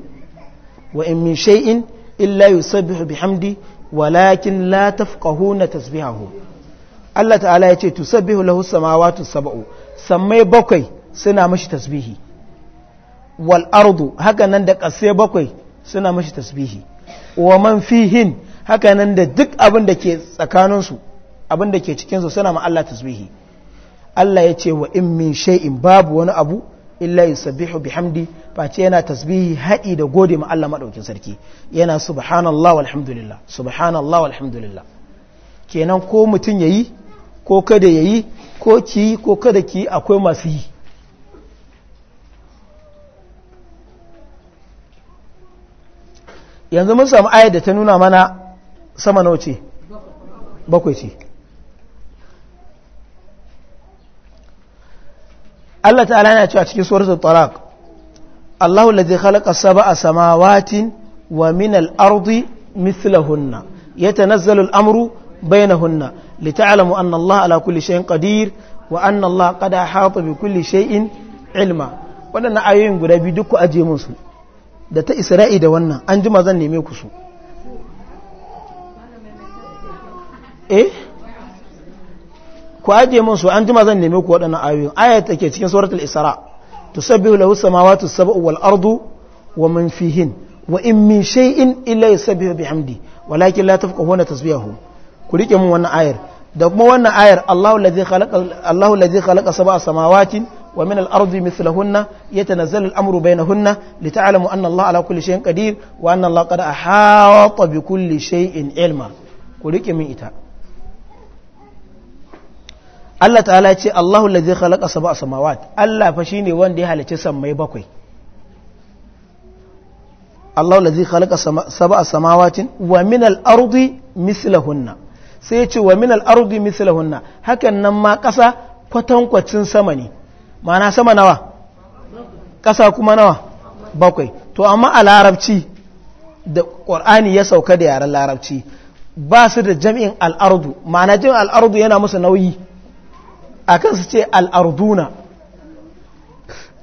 wa in min shay'in illa yusabbihu bihamdi walakin la tafqahuna tasbihahu Allah ta'ala ya ce tusabbihu lahu samawati sab'u sammai bakwai suna mashi tasbihi wal ardu haka nan da kasai bakwai suna mashi tasbihi wa man fihin haka nan da duk abin da ke tsakaninsu abin da ke cikinsu suna ma Allah tasbihi Allah ya ce wa in min shay'in babu wani abu illa yusabbihu bihamdi face yana tasbihi haɗi da gode ma Allah madaukin sarki yana subhanallah walhamdulillah subhanallah walhamdulillah kenan ko mutun yayi ko kada yayi ko ki ko kada ki akwai masu yi yanzu mun samu ayar da ta nuna mana sama nawa ce bakwai ce Allah ta'ala yana cewa cikin suratul talaq Allahu allazi khalaqa sab'a samawati wa min al-ardi mithlahunna yatanazzalu al-amru bainahunna lita'lamu anna Allah ala kulli shay'in qadir wa anna Allah qad ahata bi kulli shay'in ilma wadannan ayoyin guda biyu duk ku aje musu da ta Isra'i da wannan an jima zan neme ku su eh ku aje min su an jima zan neme ku waɗannan ayoyin ayat take cikin suratul isra tusabbihu lahu samawati sab'u wal ardu wa man fihin wa in min shay'in illa yusabbihu bihamdi walakin la tafqahuna tasbihahum ku rike mun wannan ayar da kuma wannan ayar Allahu alladhi khalaqa Allahu alladhi khalaqa sab'a samawati wa min al-ardi mithlahunna yatanazzalu al-amru bainahunna lita'lamu anna Allah ala kulli shay'in qadir wa anna Allah qad ahata bi kulli shay'in ilma ku rike mun ita Allah ta'ala ce Allahu ladzi khalaqa sab'a samawat Allah fa shi ne wanda ya halicci sammai bakwai Allahu ladzi khalaka sab'a samawatin wa min al-ardi mislahunna sai ya ce wa min al-ardi mislahunna hakan nan ma ƙasa kwatankwacin sama ne ma'ana sama nawa ƙasa kuma nawa bakwai to amma a larabci da Qur'ani ya sauka da yaren larabci ba su da jami'in al-ardu ma'ana jami'in al-ardu yana musu nauyi akan su ce al'arduna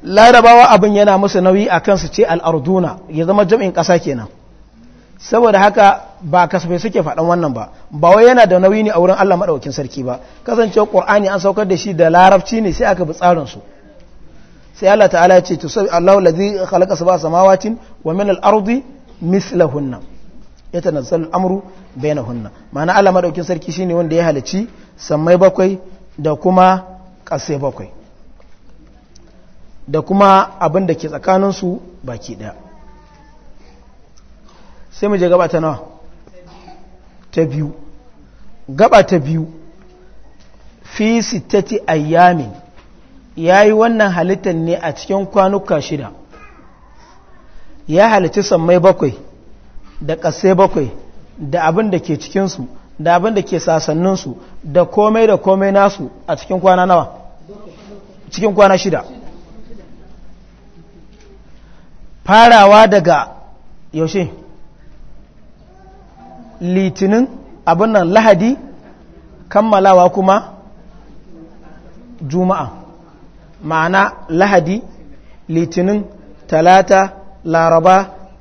larabawa abin yana musu nauyi a su ce al'arduna ya zama jam'in ƙasa kenan saboda haka ba kasafai suke faɗan wannan ba ba wai yana da nauyi ne a wurin Allah maɗaukin sarki ba kasance ƙor'ani an saukar da shi da larabci ne sai aka bi tsarin su sai Allah ta'ala ya ce to sai Allahu allazi khalaqa sab'a samawatin wa min al-ardi mislahunna yatanazzalu al-amru bainahunna ma'ana Allah maɗaukin sarki shine wanda ya halici sammai bakwai da kuma ƙasai bakwai da kuma abin da ke su baki ɗaya sai mu je gaba ta nawa ta biyu gaba ta biyu fi sitati ayyamin ya yi wannan halittar ne a cikin kwanuka shida ya halitti sammai bakwai da ƙasai bakwai da abin da ke cikinsu da abin da ke sasanninsu da komai da komai nasu a cikin kwana nawa cikin kwana shida farawa daga yaushe litinin abin nan lahadi kammalawa kuma juma'a ma'ana lahadi litinin talata laraba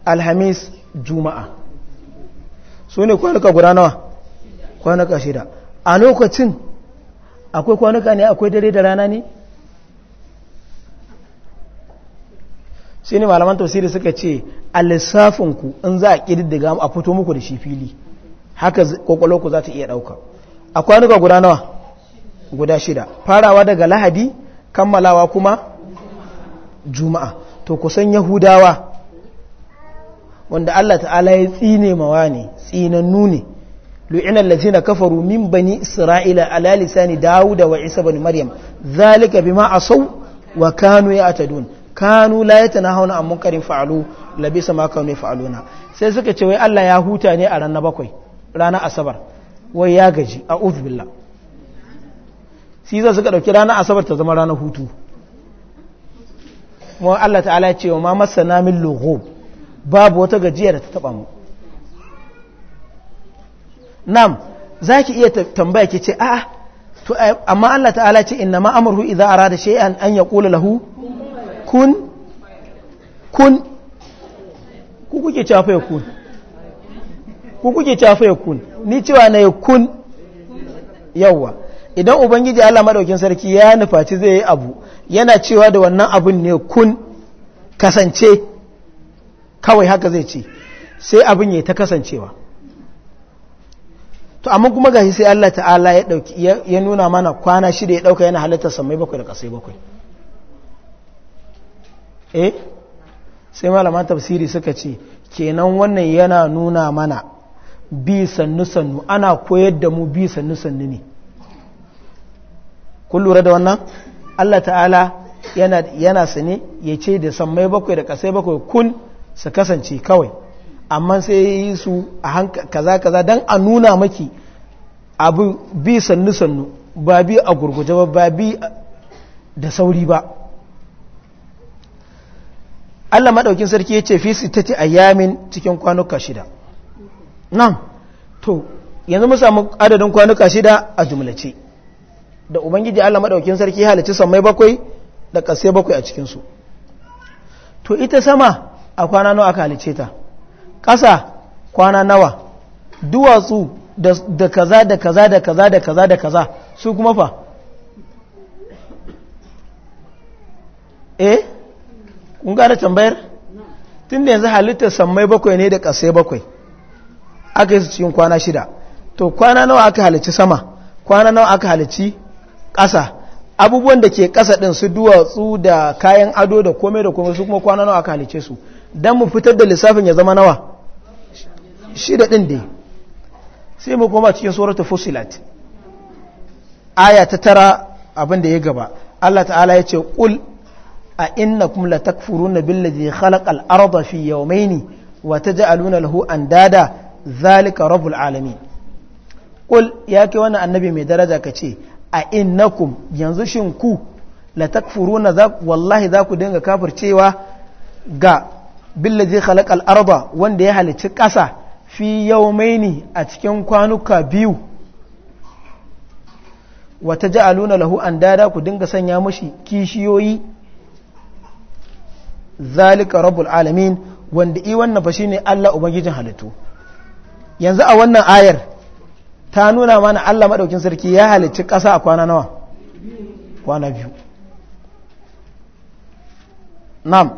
alhamis juma'a su ne kwanuka guda nawa kwanuka shida a lokacin akwai kwanuka ne akwai dare da rana ne shi ne malaman tausiri suka ce a lissafinku in za a ƙididdiga a fito muku da shi fili haka ku za ta iya ɗauka a kwanuka guda nawa guda shida farawa daga lahadi kammalawa kuma juma'a to kusan yahudawa wanda allah ta'ala ya tsine mawa ne tsinannu ne لعن الذين كفروا من بني إسرائيل على لسان داود وعيسى Maryam مريم ذلك بما عصوا وكانوا wa kanu la ya na an munkarin fa'alu labisa ma kanu fa'aluna sai suka ce wai Allah ya huta ne a ranar bakwai ranar asabar wai ya gaji a billah sai suka dauki ranar asabar ta zama ranar hutu mu Allah ta'ala ya ce wa ma masana min lughub babu wata gajiya da ta taba mu nam za ki iya tambaya ki ce a'a eh, amma Allah ta'ala ce inna ma amruhu ara arada shay'an an yaqula lahu kun kun ku kuke kun ku kuke kun ni cewa na kun yawa idan ubangiji Allah Maɗaukin sarki ya nufaci zai yi abu yana cewa da wannan abun ne kun kasance kawai haka zai ce sai abin ya ta kasancewa to amma kuma gashi sai Allah ta'ala ya dauki ya nuna mana kwana shida ya dauka yana halittar samai bakwai da kasai bakwai eh sai malaman tafsiri suka ce kenan wannan yana nuna mana bi sannu sannu ana koyar da mu bi sannu sannu ne kun lura da wannan Allah ta'ala yana yana sane ya ce da sammai bakwai da kasai bakwai kun su kasance kawai amma sai ya yi su a kaza kaza don a nuna maki abu bi sannu sannu ba bi a gurguje ba ba bi da sauri ba Allah maɗaukin sarki ya ce fi su a yamin cikin kwanuka shida nan to yanzu mu samu adadin kwanuka shida a jumlace da ubangiji Allah maɗaukin sarki halicci sammai bakwai da ƙasai bakwai a cikinsu to ita sama a kwana nawa aka halice ta ƙasa kwana nawa duwatsu da kaza da kaza da kaza da kaza da kaza su kuma fa eh kun gane tambayar tun da yanzu halittar sammai bakwai ne da ƙasai bakwai aka yi su cikin kwana shida to kwana nawa aka halicci sama kwana nawa aka halicci ƙasa abubuwan da ke ƙasa ɗin su duwatsu da kayan ado da kome da kome su kuma kwana nawa aka halicce su don mu fitar da lissafin ya zama nawa shida ɗin dai sai mu koma cikin suratul fusilat aya ta tara abin da ya gaba Allah ta'ala ya ce ƙul a inna kuma la takfuruna billazi khalaqal arda fi yawmaini wa taj'aluna lahu andada zalika rabbul alamin ƙul ya ke wannan annabi mai daraja ka ce a innakum yanzu shin ku la takfuruna za wallahi za ku dinga kafircewa ga zai khalaqal al'arba wanda ya halicci ƙasa fi yau mai ni a cikin kwanuka biyu wata ji aluna lahu an dada ku dinga sanya mashi kishiyoyi zalika rabul alamin wanda i wannan fa shine Allah ubangijin halittu yanzu a wannan ayar ta nuna mana Allah maɗaukin sarki ya halicci ƙasa a kwana nawa kwana biyu nam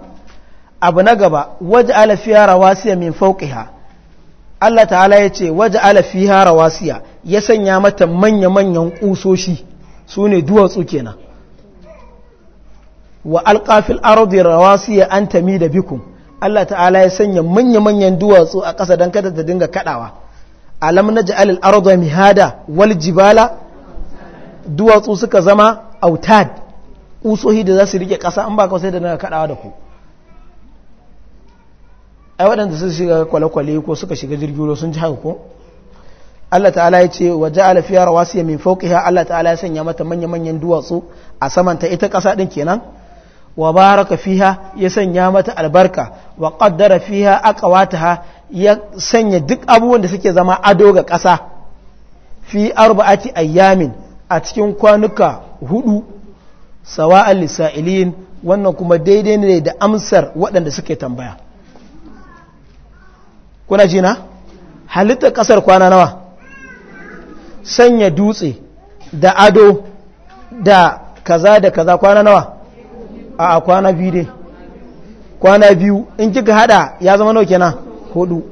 abu na gaba waje alafiya rawasiya min fauqiha Allah ta'ala ya ce waje alafiha rawasiya ya sanya mata manya-manyan ƙusoshi su ne duwatsu kenan wa alƙafil ardi rawasiya an tami da bikun Allah ta'ala ya sanya manya-manyan duwatsu a ƙasa don kada ta dinga kaɗawa alam na ji alil arda mihada wal jibala duwatsu suka zama autad ƙusohi da za su riƙe ƙasa an ba kawai sai da dinga kaɗawa da ku ai waɗanda sun shiga kwale-kwale ko suka shiga jirgin sun ji haka ko Allah ta'ala ya ce wa ja'ala fiya rawasiya min fawqiha Allah ta'ala ya sanya mata manya-manyan duwatsu a saman ta ita ƙasa din kenan wa baraka fiha ya sanya mata albarka wa qaddara fiha aqwataha ya sanya duk abubuwan da suke zama ado ga ƙasa fi arba'ati ayyamin a cikin kwanuka hudu sawa'al lisa'ilin wannan kuma daidai ne da amsar waɗanda suke tambaya kuna jina na halittar kasar kwana nawa sanya dutse da ado da kaza da kaza kwana nawa a kwana biyu dai kwana biyu in kika hada ya zama nau kenan hudu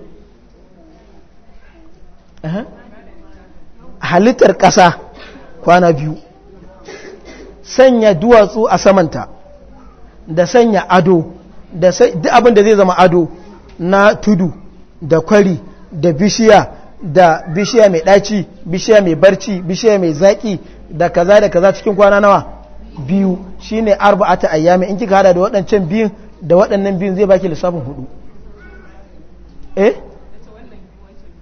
halittar ƙasa kwana biyu sanya duwatsu a samanta da sanya ado da abin da zai zama ado na tudu da kwari da bishiya da bishiya mai ɗaci bishiya mai barci bishiya mai zaki da kaza da kaza cikin kwana nawa biyu shine arba'ata ayyami in kika hada da waɗancan biyun da waɗannan biyun zai baki lissafin hudu eh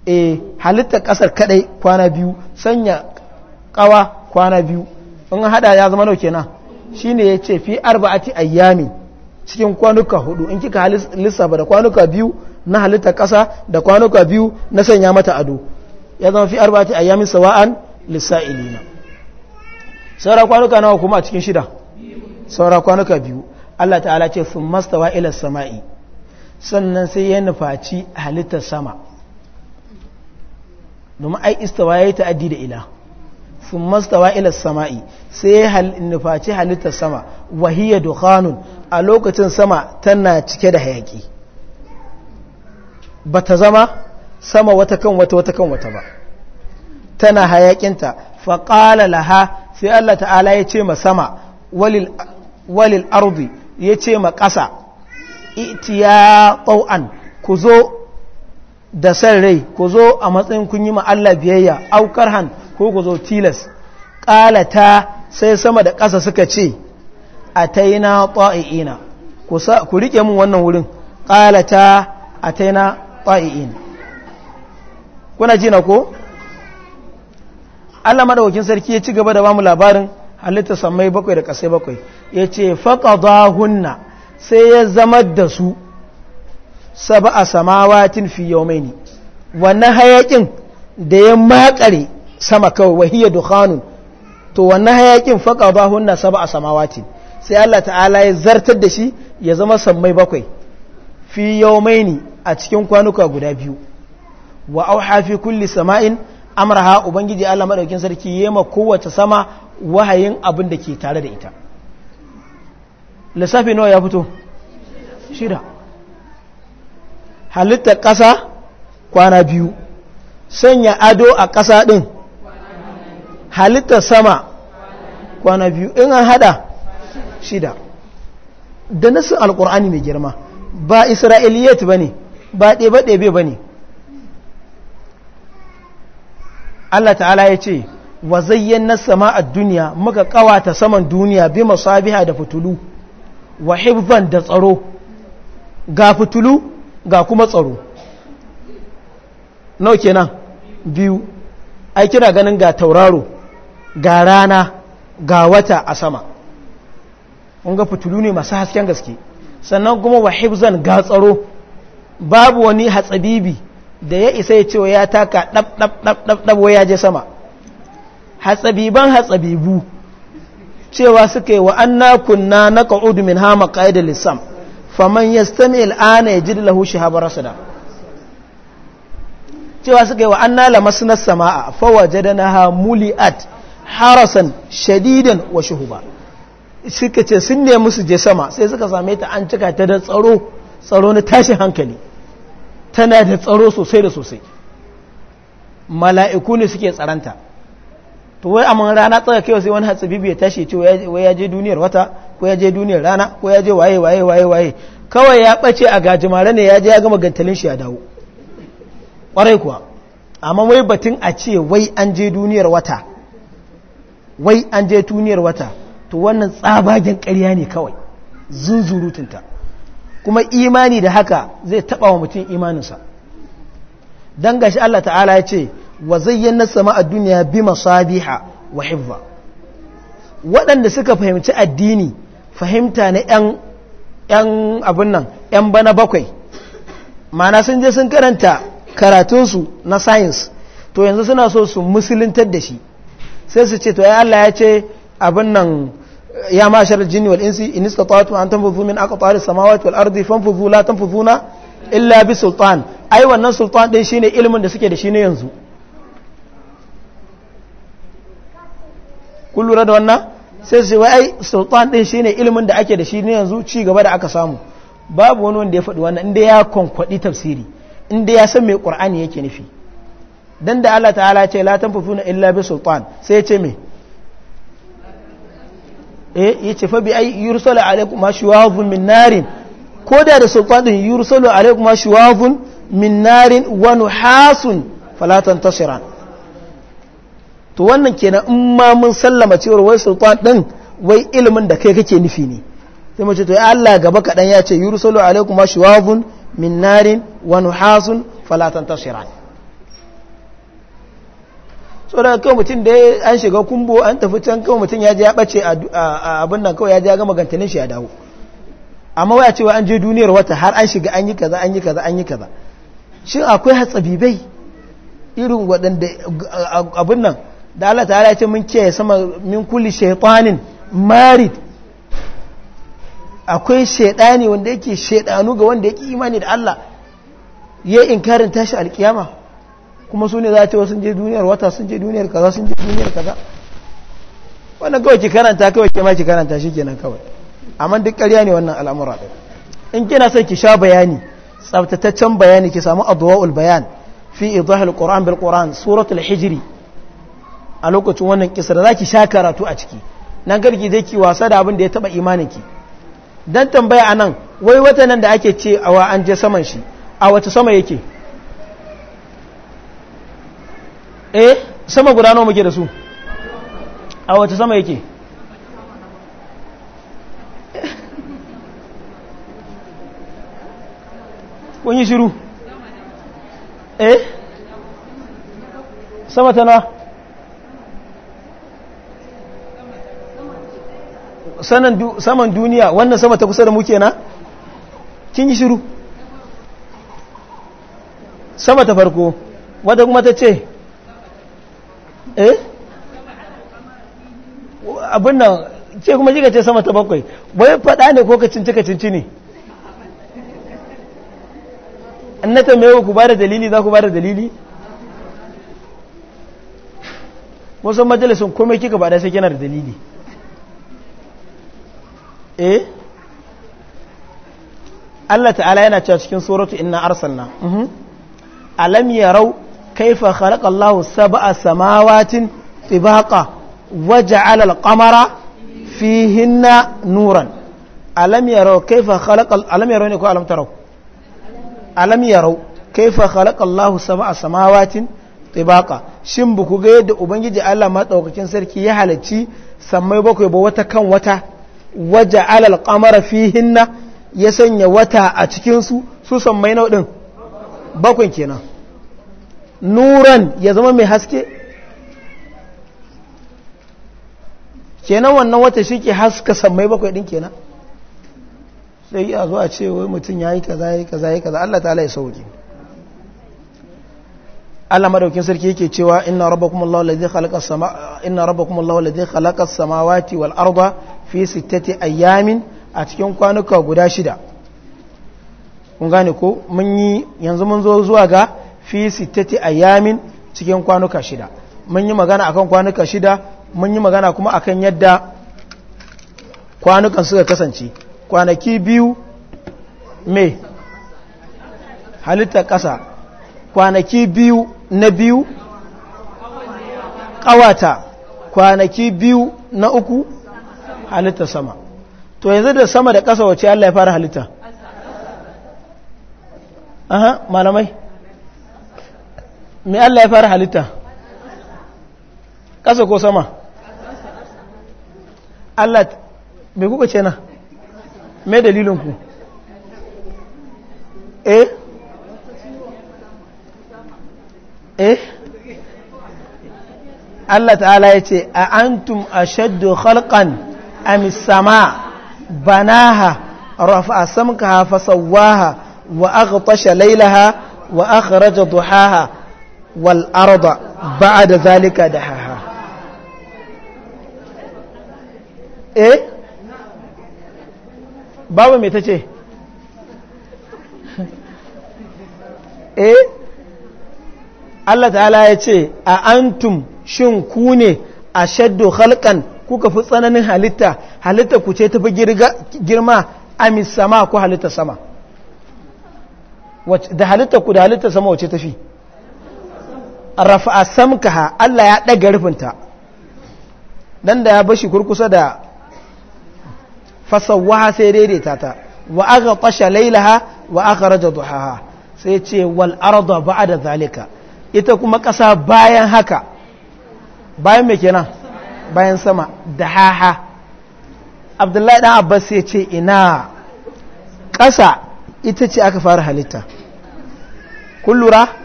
eh halitta kasar kadai kwana biyu sanya kawa kwana biyu in hada ya zama nauke na shine yace fi arba'ati ayyami cikin kwanuka hudu in kika lissafa da kwanuka biyu na halitta ƙasa da kwanuka biyu na sanya mata ado ya zama fi a yamin sawa'an lisa'ilina saura kwanuka nawa kuma a cikin shida saura kwanuka biyu Allah ta'ala ce sun mastawa ila sama'i sannan sai ya nufaci halittar sama domin ai istawa ya yi ta'addi da ila sun mastawa ila sama'i sai ya nufaci halittar sama wahiyar dukhanun a lokacin sama tana cike da hayaki ba ta zama sama wata kan wata wata kan wata ba tana hayakinta faƙala laha sai Allah ta'ala ya ce ma sama walil ardi ya ce ma ƙasa itiya ƙau'an ku zo da san rai ku zo a matsayin kunyi yi Allah biyayya aukar han ko ku zo tilas ta, sai sama da ƙasa suka ce a ta yi na ku riƙe mun wannan wurin ƙalata a ta ta'i'in kuna jina ko Allah maɗaukin sarki ya ci gaba da bamu labarin halitta samai bakwai da kasai bakwai ya ce hunna sai ya zama da su saba a samawatin fi yaumaini wannan hayakin da ya makare sama kawai wahiyya dukhanun to wannan hayakin hunna saba a samawatin sai Allah ta'ala ya zartar da shi ya zama sammai bakwai fi yaumaini a cikin kwanuka guda biyu wa au hafi kulli sama'in amraha ubangiji Allah madaukin sarki yema kowace sama wahayin abin da ke tare da ita lissafi nawa ya fito shida halitta ƙasa kwana biyu sanya ado a ƙasa ɗin halitta sama kwana biyu in an hada shida da nasu alƙur'ani mai girma ba isra'iliyat ba ne ba ɗebe-ɗebe ba ne Allah ta'ala ya ce wa zayyan sama a duniya muka ƙawata saman duniya bi masabiha da fitulu wa hibban da tsaro ga fitulu ga kuma tsaro nau kenan biyu ai kira ganin ga tauraro ga rana ga wata a sama ƙunga fitulu ne masu hasken gaske sannan kuma wa hibzan ga tsaro babu wani hatsabibi da ya isa ya cewa ya taka ɗab ɗab ya je sama hatsabiban hatsabibu cewa suka yi wa anna kunna na ka'udu min hama ƙa'idar lissam faman ya stami al'ana ya ji da lahushi habar cewa suka yi wa anna lamas na sama'a fawa da na ha muli'at harasan shadidan wa shuhuba suka ce sun nemi su je sama sai suka same ta an cika ta da tsaro tsaro na tashin hankali tana da tsaro sosai da sosai mala'iku ne suke tsaranta to wai amma rana tsaka kai sai wani hatsibibi ya tashi ce wai ya je duniyar wata ko ya je duniyar rana ko ya je waye waye waye waye kawai ya ɓace a gajimare ne ya je ya gama gantalin shi ya dawo kwarai kuwa amma wai batun a ce wai an je duniyar wata wai an je duniyar wata to wannan tsabagen ƙarya ne kawai zunzurutunta kuma imani da haka zai taba wa mutum imaninsa don gashi Allah ta'ala ya ce wa na sama a duniya bi masabiha wa hibba waɗanda suka fahimci addini fahimta na 'yan abin nan 'yan bana bakwai mana sun je sun karanta karatunsu na science to yanzu suna so su musuluntar da shi sai su ce to ya Allah ya ce abin nan يا معشر الجن والإنس إن استطعتم أن تنفذوا من أقطار السماوات والأرض فانفذوا لا تنفذون إلا بسلطان أي wannan sultan din shine ilmin da suke da shi ne yanzu kun da wannan sai su ai sultan din shine ilmin da ake da shi ne yanzu ci gaba da aka samu babu wani wanda ya faɗi wannan inda ya konkwadi tafsiri inda ya san me qur'ani yake nufi dan da Allah ta'ala ce la tanfuzuna illa bi sultan sai ya ce me ya eh, yace fa bi ay yursalu alaikum mashwaafun min narin ko da da sultanin yursalu alaikum mashwaafun min narin wa nuhasun fala tantashira to wannan kenan in ma mun sallama cewa wai sultan din wai ilimin da kai kake nufi ne sai mace to ya Allah gaba kadan ya ce yursalu alaikum mashwaafun min narin wa nuhasun fala tantashira tsoron kawai mutum da an shiga kumbo an tafi can kawai mutum ya je ya ɓace a abin nan kawai ya je ya gama gantanin shi ya dawo amma waya cewa an je duniyar wata har an shiga an yi kaza an yi kaza an yi kaza shi akwai hatsabibai irin waɗanda abin nan da Allah ta ya ce mun kiyaye sama min kulli shaytanin marid akwai shaydani wanda yake shaydanu ga wanda yake imani da Allah ya inkarin tashi alkiyama kuma su ne za ta sun je duniyar wata sun je duniyar kaza sun je duniyar kaza wannan kawai ki karanta kawai ke ma ki karanta shi kenan kawai amma duk ƙarya ne wannan al'amura ɗin in kina son ki sha bayani tsaftataccen bayani ki samu adwa'ul bayan fi idahil qur'an bil qur'an suratul hijri a lokacin wannan kisra zaki sha karatu a ciki nan garki zai ki wasa da abin da ya taba imaninki dan tambaya anan wai wata nan da ake ce awa an je saman shi a wata sama yake eh sama guda nawa muke da su a wace sama yake kun yi shiru eh sama sanan du saman duniya wannan sama ta kusa da muke na kin yi shiru sama ta farko wadda kuma ta ce eh abin nan ce kuma shi ce sama ta bakwai bai faɗa ne ko ka cinci ka cinci ne an na tambaye ku ba da dalili za ku ba da dalili wasu majalisun komai kika ba da sai kina da dalili eh Allah ta'ala yana cewa cikin suratu inna arsalna mhm. alam yarau kaifa khalaqa Allah sab'a samawatin tibaqa waja'ala al-qamara fihinna nuran alam yarau kaifa khalaqa alam yarau ne ko alam tarau alam yarau kaifa khalaqa Allah sab'a samawatin tibaqa shin buku ga yadda ubangiji Allah madaukakin sarki ya halacci sammai bakwai ba wata kan wata waja'ala al-qamara fihinna ya sanya wata a cikin su su sammai naudin bakwai kenan nuran ya zama mai haske kenan wannan wata shi ke haska samai bakwai ɗin kenan sai a zuwa a ce wai mutum ya yi kaza yi kaza yi kaza Allah ta'ala ya sauki Allah madaukin sarki yake cewa inna rabbakum Allahu alladhi khalaqa sama inna rabbakum Allahu alladhi khalaqa samawati wal arda fi sittati ayamin a cikin kwanuka guda shida kun gane ko mun yi yanzu mun zo zuwa ga fi sitati ayamin cikin kwanuka shida mun yi magana akan kwanuka shida mun yi magana kuma akan yadda kwanukan suka kasance kwanaki biyu me halittar ƙasa kwanaki biyu na biyu ƙawata kwanaki biyu na uku halittar sama to yanzu da sama da ƙasa wace Allah ya fara halitta aha malamai me Allah ya fara halitta ƙasa ko sama Allah bai kuka ce na mai dalilinku eh eh Allah ta'ala ya ce a antum ashaddu halkan am sama banaha rafa'a samkaha fasawwaha wa aghtasha laylaha wa akhraja duhaha والأرض بعد ذلك دحاها Taala بابا ce a الله تعالى ku أأنتم a أشد خلقا kuka fi tsananin halitta halitta ku ce tafi girma amis sama ko halitta sama da halitta ku da halitta sama wace tafi rafa a samka ha Allah ya ɗaga rufinta nan da ya bashi kurkusa da fasawaha sai daidaita ta wa aka laila lailaha wa aka raja ha sai ce wal arda da zalika ita kuma ƙasa bayan haka bayan mai kenan bayan sama da ha abdullahi dan abbas sai ce ina ƙasa ita ce aka fara halitta kun lura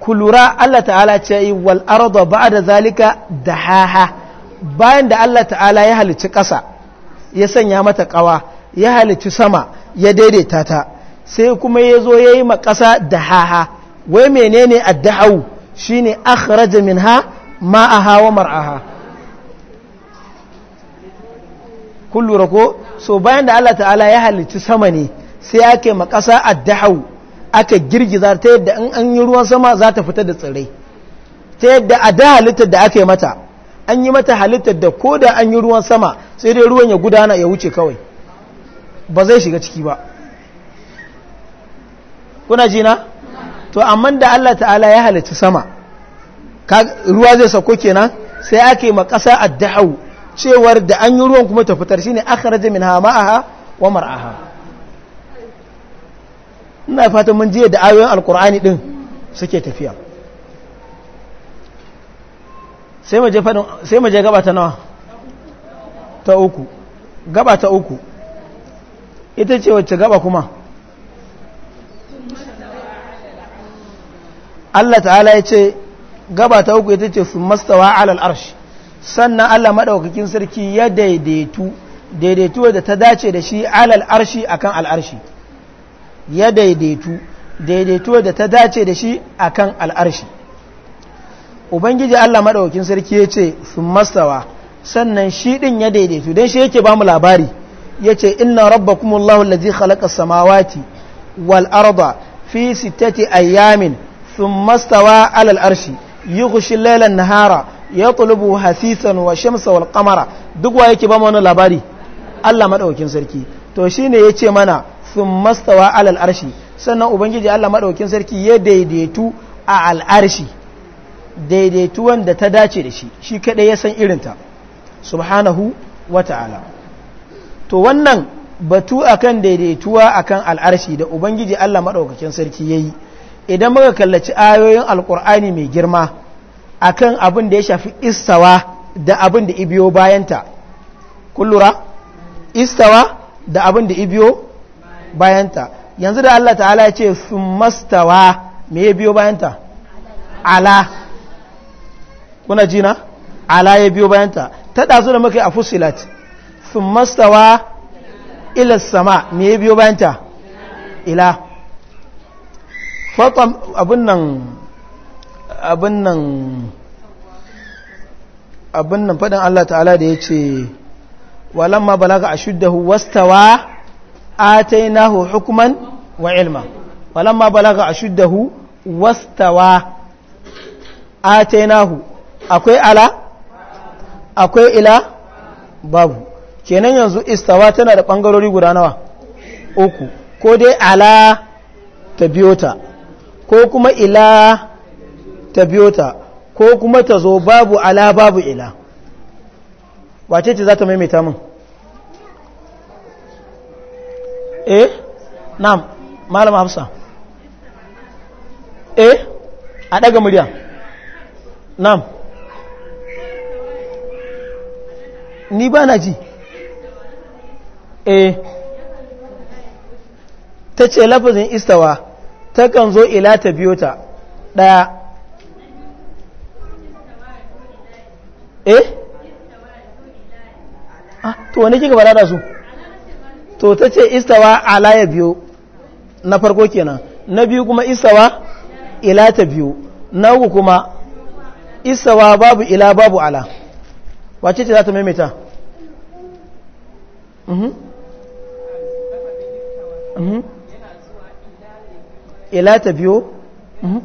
kulura Allah ta'ala ce yi wal arda da zalika da haha bayan da Allah ta'ala ya halicci ƙasa ya sanya mata ƙawa ya halicci sama ya daidaita ta sai kuma ya zo ya yi ma ƙasa haha wai menene addahau shine akhraja minha ma'aha wa mar'aha kun ko so bayan da Allah ta'ala ya halicci sama ne sai ake ma ƙasa addahau aka girgiza ta yadda in an yi ruwan sama za ta fita da tsirrai ta yadda a da halittar da aka yi mata an yi mata halittar da ko da an yi ruwan sama sai dai ruwan ya gudana ya wuce kawai ba zai shiga ciki ba kuna jina to amma da Allah ta'ala ya halitta sama ruwa zai sako kenan sai aka yi makasa addahau cewar da an yi ruwan kuma ta fitar shi ne shine akhraja minha ma'aha wa mar'aha ina fatan mun jiya da ayoyin alkur'ani din suke tafiya sai maje fadin sai maje gaba ta nawa ta uku gaba ta uku ita ce wacce gaba kuma Allah ta'ala ya ce gaba ta uku ita ce su mastawa alal arshi sannan Allah maɗaukakin sarki ya daidaitu daidaituwa da ta dace da shi alal arshi akan al'arshi ya daidaitu daidaitu da ta dace da shi akan al'arshi ubangiji Allah maɗaukin sarki ya ce sun mastawa sannan shi ɗin ya daidaitu don shi yake ba mu labari ya ce rabba kuma rabbakumullahu lazi khalaqa samawati wal arda fi sittati ayyamin yi kushi lailan nahara ya tulubu hasisan wa shamsa wal kamara duk wa yake ba mu wani labari Allah maɗaukin sarki to shi ne ya ce mana sun mastawa alal arshi sannan ubangiji Allah maɗaukin sarki ya daidaitu a al'arshi daidaitu wanda ta dace da shi shi kaɗai ya san irinta subhanahu wa ta'ala to wannan batu akan daidaituwa akan al'arshi da ubangiji Allah maɗaukakin sarki ya yi idan muka kallaci ayoyin alƙur'ani mai girma akan abin da ya shafi istawa da abin da ibiyo bayanta kullura istawa da abin da ibiyo bayanta yanzu da Allah ta'ala ya ce sun mastawa me ya biyo bayanta ala kuna jina ala ya biyo bayanta ta ɗazu da muka yi a fusilat sun mastawa ila sama me ya biyo bayanta ila fatam abin nan abin nan abin nan faɗin Allah ta'ala da ya ce walamma balaga a shudda wastawa atainahu hukuman wa ilma falamma balaga ashuddahu wastawa atainahu akwai ala akwai ila babu kenan yanzu istawa tana da bangarori guda nawa uku ko dai ala ta biyo ta ko kuma ila ta biyo ta ko kuma ta zo babu ala babu ila wace ce za ta maimaita min eh na'am malam hafsa eh a daga murya na'am ni ba na ji eh ta ce lafazin istawa ta kan zo ila ta biyo ta ɗaya eh? ah to wani kika ba da su to ta ce istawa ala ya biyo na farko kenan na biyu kuma istawa ila ta biyo na uku kuma istawa babu ila babu ala wace ce za ta maimaita mhm. Mhm. ila ta biyo mhm.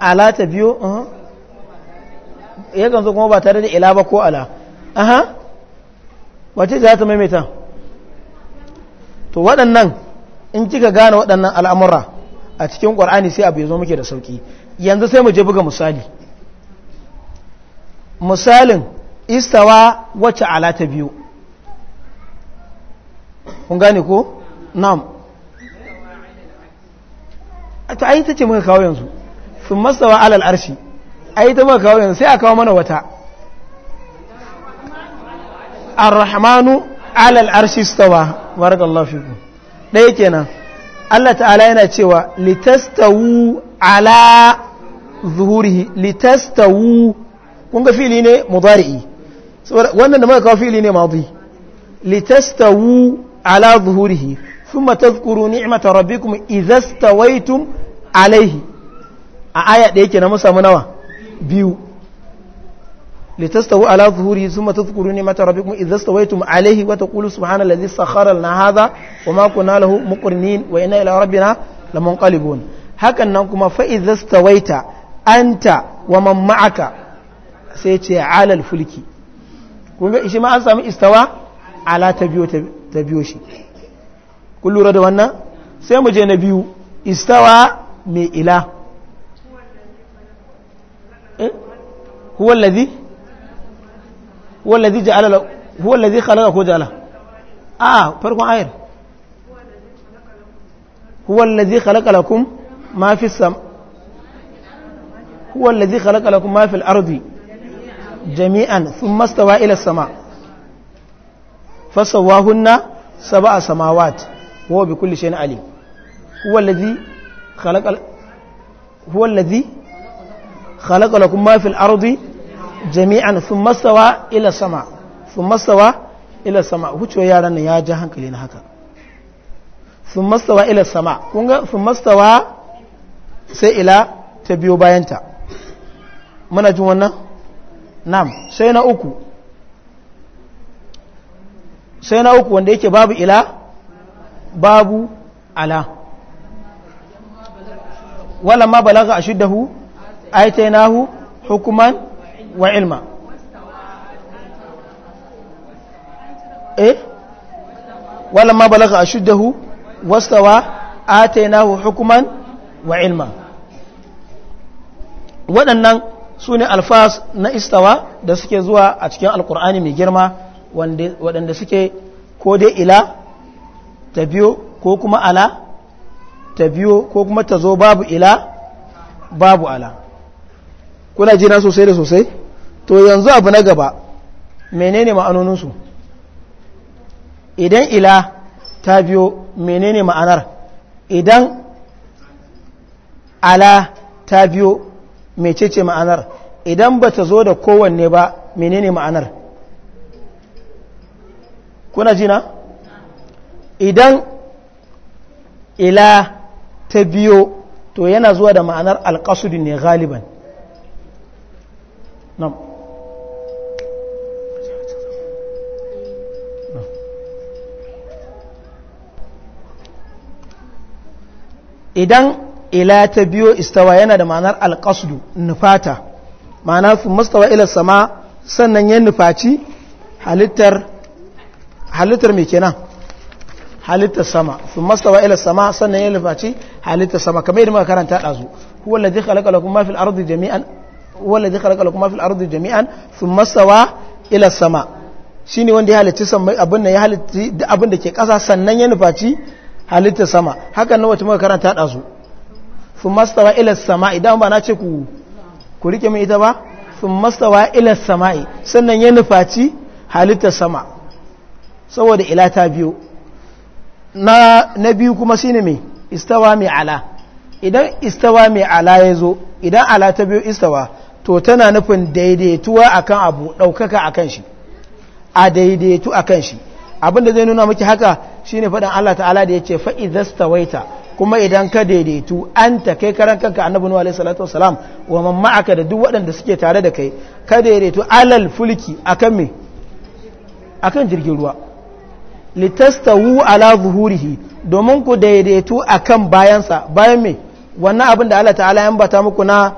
ala ta biyo yakan zo kuma ba tare da ila ba ko ala aha wace ce za ta maimaita to waɗannan in kika gane waɗannan al'amura a cikin ƙwar'ani sai abu ya zo muke da sauƙi yanzu sai mu je buga misali misalin istawa wacce ala ta biyu kun gane ko? na'am ta ayi ta ce muka kawo yanzu sun masawa alal arshi ayi ta muka kawo yanzu sai a kawo mana wata rahmanu. alal arshi stawa barakallahu fikum ɗaya kenan Allah ta'ala yana cewa litastawu ala zuhurihi litastawu kun ga fili ne mudari'i wannan da muka kawo fili ne madi litastawu ala zuhurihi thumma tadhkuru ni'mata rabbikum idza stawaytum alayhi a aya da yake mu samu nawa biyu litastawu ala zuhuri suma tazkuru ni mata rabbikum idza stawaytum alayhi wa taqulu subhana alladhi sakhara lana hadha wa ma kunna lahu muqrinin wa inna ila rabbina lamunqalibun hakan nan kuma fa idza stawaita anta wa man sai ce ala alfulki kuma shi ma an samu istawa ala tabiyo tabiyo shi kullu na biyu istawa هو الذي جعل له هو الذي خلقك وجعله آه فرق عاير هو الذي خلق لكم ما في السماء هو الذي خلق لكم ما في الأرض جميعا ثم استوى إلى السماء فسواهن سبع سماوات وهو بكل شيء عليم هو الذي خلق هو الذي خلق لكم ما في الأرض jami'an sun masawa ila sama sun masawa ila sama huce yaran nan ya ji hankali na haka sun masawa ila sama ga sun masawa sai ila ta biyo bayanta muna jin wannan nam sai na uku sai na uku wanda yake babu ila babu ala wala ma balaga ashuddahu aitainahu hukuman وعلما إيه ولما بلغ أشده واستوى آتيناه waɗannan su ne alfas na istawa da suke zuwa a cikin alkur'ani mai girma waɗanda suke ko dai ila ta biyo ko kuma ala ta biyo ko kuma ta zo babu ila babu ala kuna jina sosai da sosai to yanzu abu na gaba menene ma'anoninsu idan ila ta biyo menene ma'anar idan ala ta biyo mecece ma'anar idan ba ta zo da kowanne ba menene ma'anar kuna na idan ila ta biyo to yana zuwa da ma'anar alƙasudin ne galiban idan ila ta biyo istawa yana da ma'anar alƙasudu nufata ma'ana su mastawa ila sama sannan ya nufaci halittar halittar mai kenan halittar sama su mastawa ila sama sannan ya nufaci halittar sama kamar yadda muka karanta ɗazu huwa ladhi kalakala kuma ma fil ardi jami'an huwa ladhi khalaqa lakum fil ardi jami'an fi mastawa ila sama shine wanda ya halitta abin da ya halitta abin da ke ƙasa sannan ya nufaci halitta sama hakan na wata makaranta da su sun mastawa ila sama'i idan ba na ce ku ku rike mai ita ba sun mastawa ila sama'i sannan ya nufaci halitta sama saboda ila ta biyo na biyu kuma ne mai istawa mai ala idan istawa mai ala ya zo idan ala ta biyo istawa to tana nufin daidaituwa akan abu a akan shi a daidaitu akan shi abinda zai nuna miki haka shi ne faɗin Allah ta'ala da ya ce fa'izastawaita kuma idan ka daidaitu an ta kai karan kanka annabi nuhu alaihi salatu wa man ma'aka da duk waɗanda suke tare da kai ka daidaitu alal fulki akan me akan jirgin ruwa litastawu ala zuhurihi domin ku daidaitu akan bayansa bayan me wannan abin da Allah ta'ala ya ambata muku na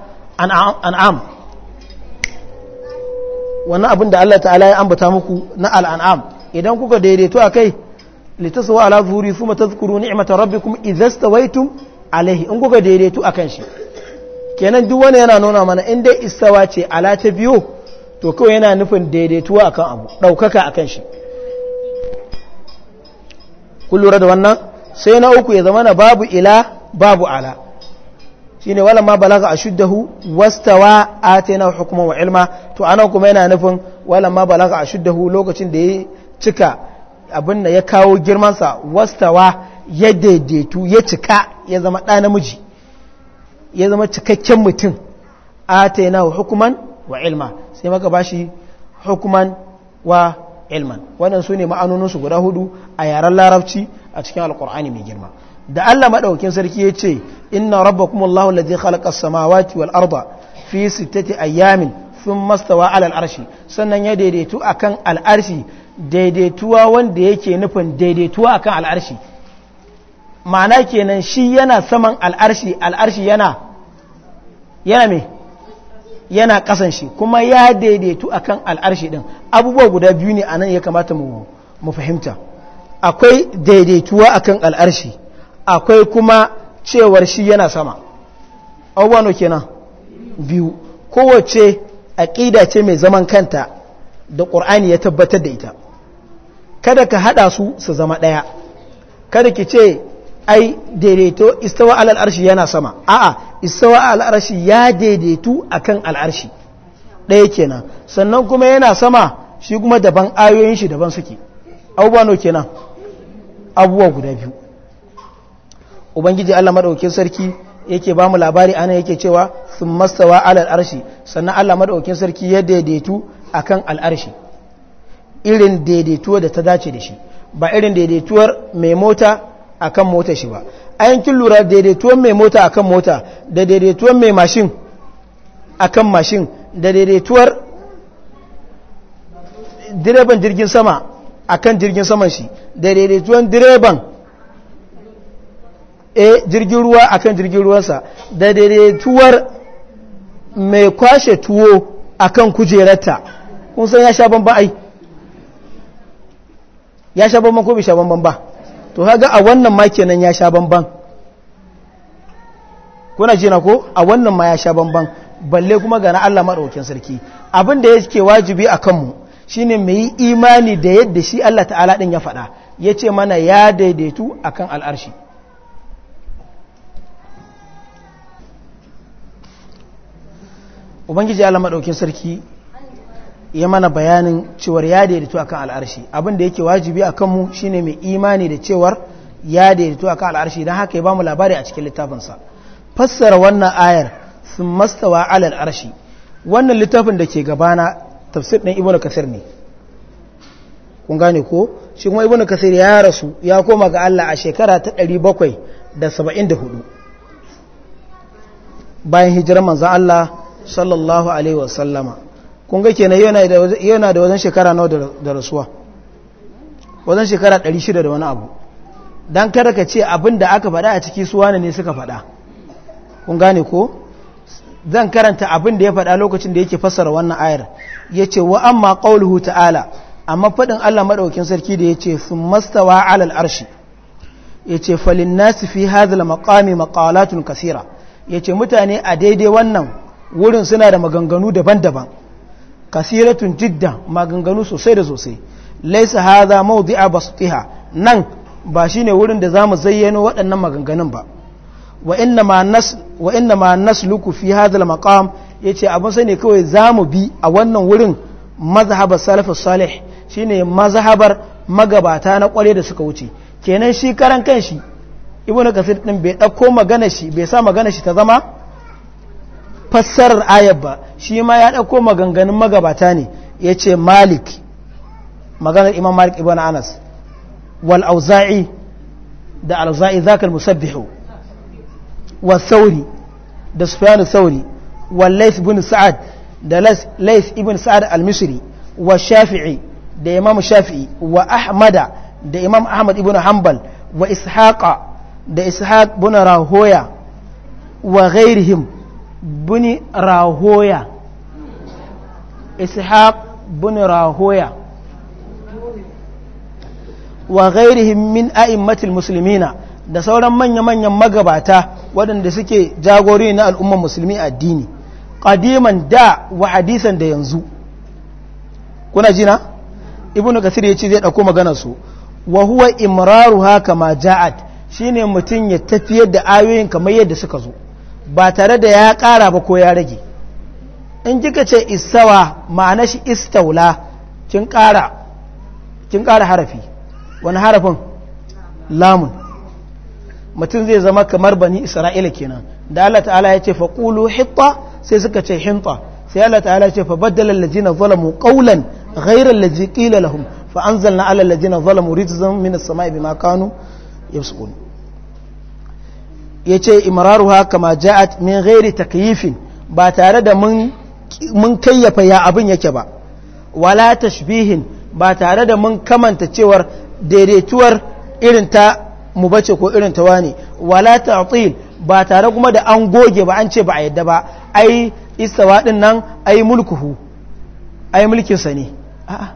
an'am wannan abin da Allah ta'ala ya ambata muku na al'an'am idan kuka daidaitu akai litasawa ala zuhuri thumma tadhkuru ni'mata rabbikum idza stawaytum alaihi in kuka daidaitu akan shi kenan duk wani yana nuna mana in dai istawa ce ala ta biyo to kawai yana nufin daidaituwa akan abu daukaka akan shi kun lura da wannan sai na uku ya zama na babu ila babu ala shine wala ma balaga ashuddahu wastawa atayna hukma wa ilma to anan kuma yana nufin wala ma balaga ashuddahu lokacin da ya cika abin da ya kawo girmansa wastawa ya daidaitu ya cika ya zama ɗa namiji ya zama cikakken mutum atayna wa hukuman wa ilma sai maka bashi hukuman wa ilman wannan su ne ma'anoninsu guda hudu a yaren larabci a cikin alkur'ani mai girma da allah maɗaukin sarki ya ce inna kuma allahu alladhi khalaqa samawati wal arba fi sittati ayyamin sun mastawa alal arshi sannan ya daidaitu akan al'arshi daidaituwa wanda yake nufin daidaituwa akan al'arshi ma'ana kenan shi yana saman al'arshi al'arshi yana yana me yana kasan shi kuma ya daidaitu akan al'arshi din abubuwa guda biyu ne anan ya kamata mu fahimta akwai daidaituwa akan al'arshi akwai kuma cewar shi yana sama abubuwa no kenan biyu kowace aƙida ce mai zaman kanta da ƙur'ani ya tabbatar da ita kada ka hada su su zama daya kada ki ce ai daidaito istawa alal arshi yana sama a'a istawa alal arshi ya daidaitu akan al'arshi arshi daya kenan sannan kuma yana sama shi kuma daban ayoyin shi daban suke abubuwa no kenan abubuwa guda biyu ubangiji Allah madaukakin sarki yake ba mu labari ana yake cewa sun mastawa alal arshi sannan Allah madaukakin sarki ya daidaitu akan al'arshi. irin daidaituwar da ta dace da shi ba irin daidaituwar mai mota akan mota shi ba ayin kin lura daidaituwar mai mota akan mota da daidaituwar mai mashin akan mashin da daidaituwar direban jirgin sama akan jirgin saman shi da daidaituwar direban a eh, jirgin ruwa akan jirgin ruwansa da daidaituwar mai kwashe tuwo akan kujerarta kun san ya sha banban ai ya sha bambam ko bai sha bambam ba to haga a wannan ma kenan ya sha bambam kuna ji na ko a wannan ma ya sha bamban balle kuma ga na Allah madaukakin sarki abin da yake wajibi a kanmu shine mu yi imani da yadda shi Allah ta'ala din ya faɗa yace mana ya daidaitu akan al'arshi ubangiji Allah madaukakin sarki ya mana bayanin cewar ya daidaito akan al'arshi abin da yake wajibi a kanmu shine mai imani da cewar ya daidaito akan al'arshi don haka ya ba mu labari a cikin littafinsa fassara wannan ayar sun mastawa alal arshi wannan littafin da ke gabana tafsir ɗin ibn kasir ne kun gane ko shi kuma ibn kasir ya rasu ya koma ga Allah a shekara ta ɗari bakwai da da 774 bayan hijirar manzan Allah sallallahu alaihi wasallama kun ga kenan yana da wajen shekara nawa da rasuwa wajen shekara 600 da wani abu don kada ka ce abin da aka faɗa a ciki suwane ne suka faɗa kun gane ko zan karanta abin da ya faɗa lokacin da yake fassara wannan ayar ya ce wa amma ƙauluhu ta'ala amma faɗin allah maɗaukin sarki da ya ce sun mastawa alal arshi ya ce falin nasi fi hazal maƙami maƙalatun kasira ya ce mutane a daidai wannan wurin suna da maganganu daban-daban kasiratun jidda maganganu sosai da sosai laisa hadha mawdi'a basutiha nan ba shine wurin da zamu zayyano waɗannan maganganun ba wa inna ma nas wa inna ma nasluku fi hadha al-maqam yace abin sani kawai zamu bi a wannan wurin mazhabar salaf salih shine mazhabar magabata na kware da suka wuce kenan shi karan kanshi ibnu kasir din bai dauko magana shi bai sa magana shi ta zama fassarar ayar ba shi ma ya ɗauko maganganun magabata ne ya ce malik maganar imam malik ibn anas wal auza'i da alza'i zakal musabbihu wa sauri da sufyan sauri wa lais ibn sa'ad da lais ibn sa'ad al-misri wa shafi'i da imam shafi'i wa ahmada da imam ahmad ibn hanbal wa ishaqa da ishaq ibn rahoya wa ghairihim buni rahoya ishaq buni rahoya wa ghairihim min a'immatil muslimina da sauran manya-manyan magabata waɗanda suke jagori na al'umma musulmi addini ƙadiman da wa hadisan da yanzu kuna jina ibnu kasir ya ce zai ɗauko maganarsu wa huwa imraru haka ma ja'ad shine mutum ya tafiyar da ayoyin kamar yadda suka zo ba tare da ya ƙara ba ko ya rage in kika ce istawa ma'ana shi istaula kin ƙara harafi wani harafin lamun mutum zai zama kamar bani isra'ila kenan da Allah ta'ala ya ce fa qulu hitta sai suka ce hinta sai Allah ta'ala ya ce fa baddala allazina zalamu qawlan ghayra allazi qila lahum fa anzalna ala allazina zalamu rijzan min as-sama'i bima kanu yafsukun ya ce haka kama ja'at min ghairi takyifin ba tare da mun kayyafa ya abin yake ba wala tashbihin ba tare da mun kamanta cewar daidaituwar irin ta mu bace ko irin ta wani wala ta'til ba tare kuma da an goge ba an ce ba a yadda ba ai istawa din nan ai mulkuhu ai mulkin sa ne a'a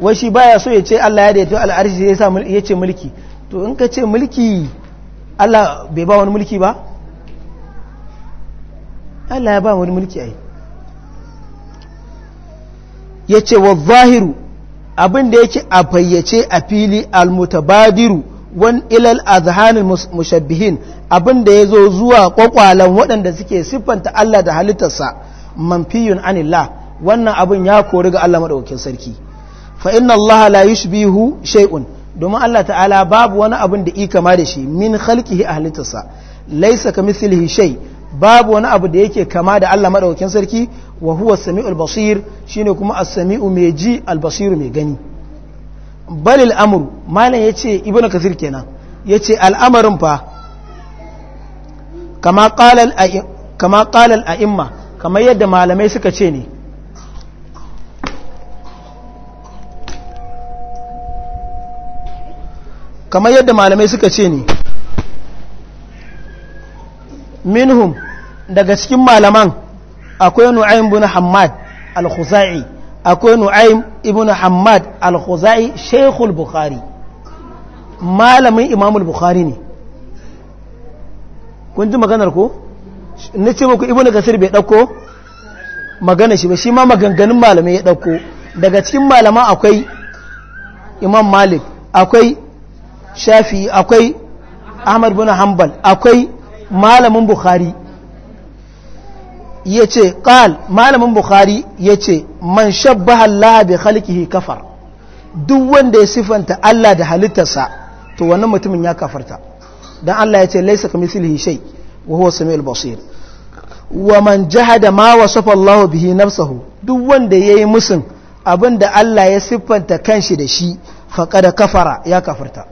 wai shi baya so ya ce Allah ya daidaito al'arshi ya ce mulki to in ka ce mulki Allah bai ba wani mulki ba Allah ya ba wani mulki ai ya ce wa zahiru abin da yake a fayyace a fili almutabadiru wani ilal azhanin mushabbihin abinda ya zo zuwa kwakwalen waɗanda suke siffanta Allah da halittarsa manfiyun anillah wannan abin ya kori ga Allah maɗaukin sarki fa inna Allah la yushbihu shay'un domin Allah ta'ala babu wani abin da i kama da shi min khalqihi a laysa kamithlihi shay babu wani abu da yake kama da Allah madaukakin sarki wa huwa samiul basir shine kuma as-sami'u mai ji al-basir mai gani balil amru malam yace ibnu kasir kenan yace al'amarin fa kama qala al-a'imma kama yadda malamai suka ce ne kamar yadda malamai suka ce ne minhum daga cikin malaman akwai nu'aim ibn hammad al-khuzai akwai nu'aim ibn hammad al-khuzai shaykhul bukhari malamin imamul bukhari ne kun ji maganar ko na ce muku ibn kasir bai dauko magana shi ba shi ma maganganun malamai ya dauko daga cikin malaman akwai imam malik akwai shafi akwai ahmad bin hanbal akwai malamin bukhari ya ce ƙal malamin bukhari ya ce man shabba Allah bi kafar duk wanda ya sifanta Allah da halittarsa to wannan mutumin ya kafarta don Allah ya ce laisa ka mislihi shay wa huwa samiul basir wa man jahada ma wasafa Allah bihi nafsahu duk wanda yayi musun abinda Allah ya siffanta kanshi da shi da kafara ya kafarta